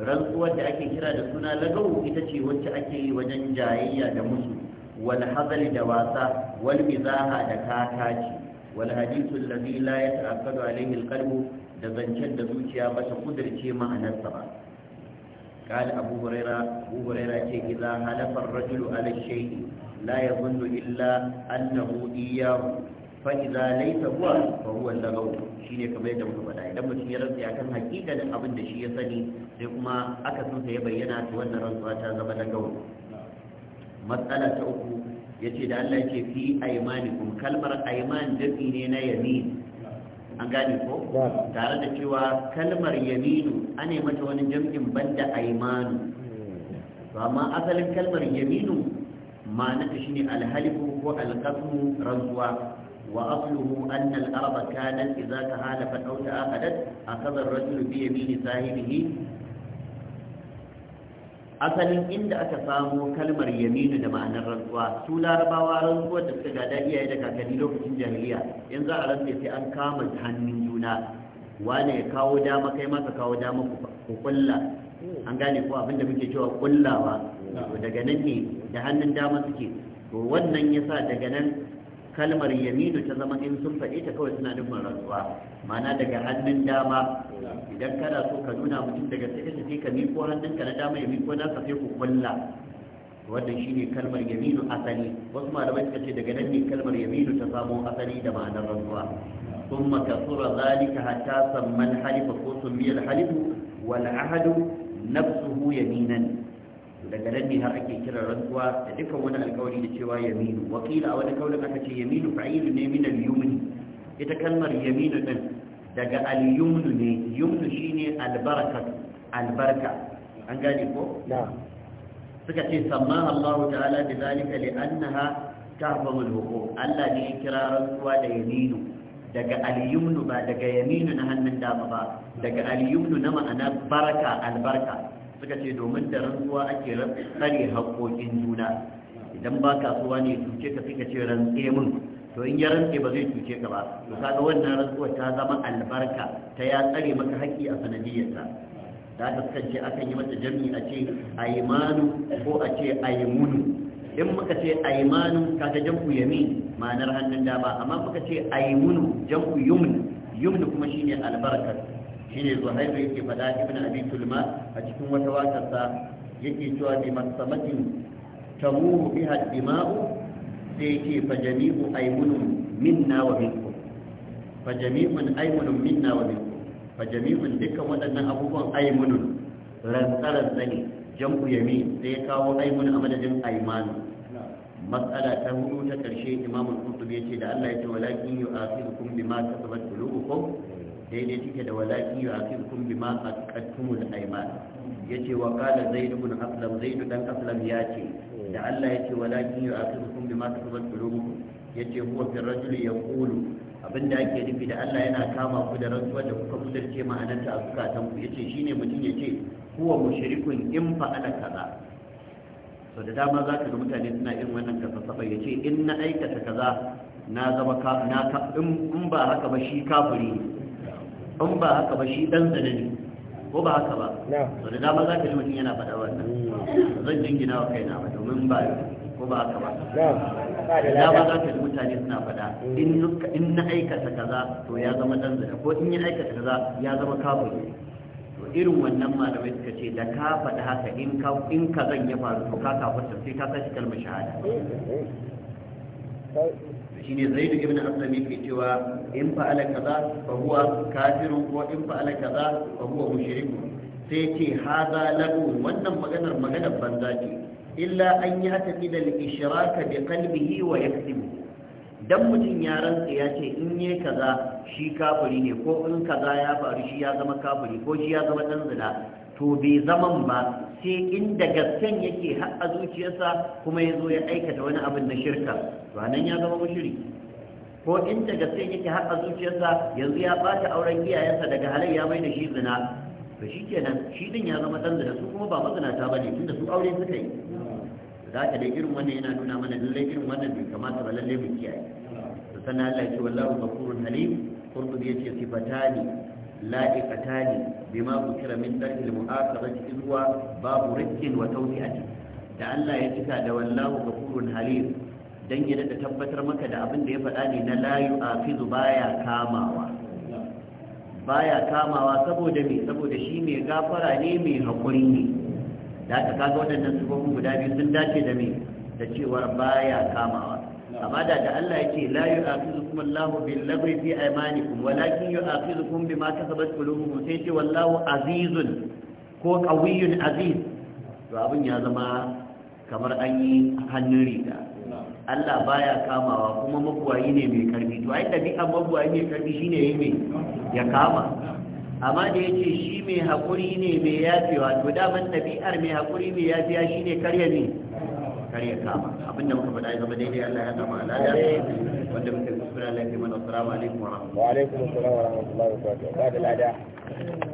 rantsuwar da ake kira da suna lagawo ita ce wacce ake yi wajen jayayya da musu wal hazali da wasa wal mizaha da kakaci wal hadithu alladhi la yata'akkadu alayhi al-qalbu da zancen da zuciya ba ta ma'anarsa ba قال أبو هريرة أبو هريرة إذا حلف الرجل على الشيء لا يظن إلا أنه إياه فإذا ليس هو فهو اللغو shine kamar yadda muka faɗa idan mutum ya rantsa akan hakikanin abin da shi ya sani sai kuma aka sun ya bayyana ta wannan rantsuwa ta zama na gawo matsala ta uku Ya ce da Allah ke fi aymanikum kalmar ayman dafi ne na yamin an gane ko tare da cewa kalmar yaminu ane mata wani jam'in banda aymanu to amma asalin kalmar yaminu ma'anarta shine alhalifu ko alqasmu rantsuwa وأصله أن الأرض كانت إذا تهالفت أو تآخدت أخذ الرجل بيمين صاحبه asalin inda aka samo kalmar yaminu da ma'anar rantsuwa su larabawa rantsuwa da suka gada iyaye da kakanni lokacin jahiliya yanzu a rantsuwa sai an kama hannun juna wane ya kawo dama kai ma ka kawo dama ku kulla an gane ko abinda muke cewa kullawa daga nan ne da hannun dama suke to wannan yasa daga nan kalmar yaminu ta zama in sun faɗe ta kawai suna nufin rantsuwa mana daga hannun dama idan kana so ka nuna mutum daga sai ka ka miko hannunka na dama ya miko na sai ku kulla wannan shine kalmar yaminu asali wasu malamai suka ce daga nan ne kalmar yaminu ta samo asali da ma'anar rantsuwa ثم كثر ذلك حتى سمى الحلف halifu الحلف والعهد نفسه يمينا daga nan ne har ake kira rantsuwa da dukkan wani alkawari da cewa yaminu wakila a wani kaulin aka ce yaminu fa'ilu ne min al-yumni ita kalmar yaminu din daga al-yumnu ne yumnu shine albarka an gane ko suka ce samma Allah ta'ala bi zalika liannaha annaha al-huquq Allah ne ya kira rantsuwa da yaminu daga al-yumnu ba daga yaminu na hannun dama ba daga al-yumnu na ma'ana baraka albarka suka ce domin da rantsuwa ake tsare haƙoƙin juna idan ba kasuwa ne cuce ka suka ce rantse min to in ya rantse ba zai cuce ka ba to kaga wannan rantsuwar ta zama albarka ta ya tsare maka haƙƙi a sanadiyarta da aka suka ce akan yi mata jami a ce aimanu ko a ce aimunu in muka ce aimanu kaga jam'u yami ma'anar hannun dama amma muka ce aimunu jam'u yumnu yumnu kuma shine albarkar shine zuhairu yake faɗa ibn abi tulma a cikin wata wakarsa yake cewa bi masamatin tamuru biha dima'u sai yake fa jami'u aymunun minna wa minkum fa jami'un aymunun minna wa minkum fa jami'un dukkan waɗannan abubuwan aymunun rantsarantsa ne jam'u yami sai ya kawo aymun a madadin aymanu matsala ta hudu ta karshe imamul qurtubi ce da Allah ya yace walakin yu'akhirukum bima kasabat qulubukum daidai take da walaki ya akin kun bi ma qattumul ayman yace wa qala zaid ibn aslam zaid dan aslam ya ce da Allah ya ce walaki ya akin kun bi ma kasabat ya ce huwa fi ya yaqulu abinda ake nufi da Allah yana kama ku da rantsuwa da kuka kudirce ma'anarta a zukatan ku yace shine mutum ya yace huwa mushrikun in fa'ala kaza so da dama za ka ga mutane suna irin wannan kasasafa ya ce in na aikata kaza na zama na in ba haka ba shi kafiri ne in ba haka ba shi dan tsanani ko ba haka ba to da dama za ka ji mutum yana faɗa wannan hmm. zan jingina wa kaina ba domin ba ko ba haka ba da dama za ka ji mutane suna faɗa hmm. in na aikata kaza to ya zama dan zana ko in ya aikata kaza ya zama kafin to irin wannan malamai suka ce da ka faɗa haka in ka in ka zan ya faru to ka kafa sai ka kashi kalmar shahada hmm. zai zaidu ibn aslami ke cewa in fa'ala kaza fa huwa kafirun ko in fa'ala kaza fa huwa mushrikun sai ce haza lagu wannan maganar maganar banza ce illa an yi haka da al-ishraka bi qalbihi wa yaktubu dan mutum ya rantsa ya ce in yi kaza shi kafiri ne ko in kaza ya faru shi ya zama kafiri ko shi ya zama dan zina to bai zaman ba sai inda gasken yake haɗa zuciyarsa kuma ya zo ya aikata wani abin na shirka to ya zama mushiri ko inda gasken yake haɗa zuciyarsa yanzu ya ɓata auren iyayensa daga halayya ya mai da shi zina to shi kenan shi din ya zama ɗan zina su kuma ba mazinata ba ne tunda su aure suka yi da ka dai irin wannan yana nuna mana lallai irin wannan bai kamata ba lallai mu kiyaye sannan Allah ya ce wallahu ghafurun halim qurtubi yace sifatani la'iqatani bima kira min dalil mu'akhirati iz zuwa babu rikkin wa tawfi'ati da Allah ya cika da wallahu kurun halim dan ya da tabbatar maka da abin da ya faɗa ne na la yu'akhidhu baya kamawa baya kamawa saboda me saboda shi mai gafara ne mai hakuri ne da aka kaga waɗannan sifofin guda biyu sun dace da me da cewar baya kamawa amma da da Allah yake la yu'akhidhukum Allahu bil lagwi fi aymanikum walakin yu'akhidhukum bima kasabat qulubukum sai ce wallahu azizun ko qawiyyun aziz to abin ya zama kamar an yi hannun riga Allah baya kamawa kuma mabuwayi ne mai karfi to ai dabi'a mabuwayi mai karfi shine yayi mai ya kama amma da yace shi mai hakuri ne mai yafewa to daman dabi'ar mai hakuri mai yafiya shine karya ne kar ya kama da muka faɗa ya zama daidai Allah ya zama alada wanda muka kuskura lafiya mana assalamu alaikum wa rahmatullahi alaikum wa rahmatullahi wa barakatuh ba da lada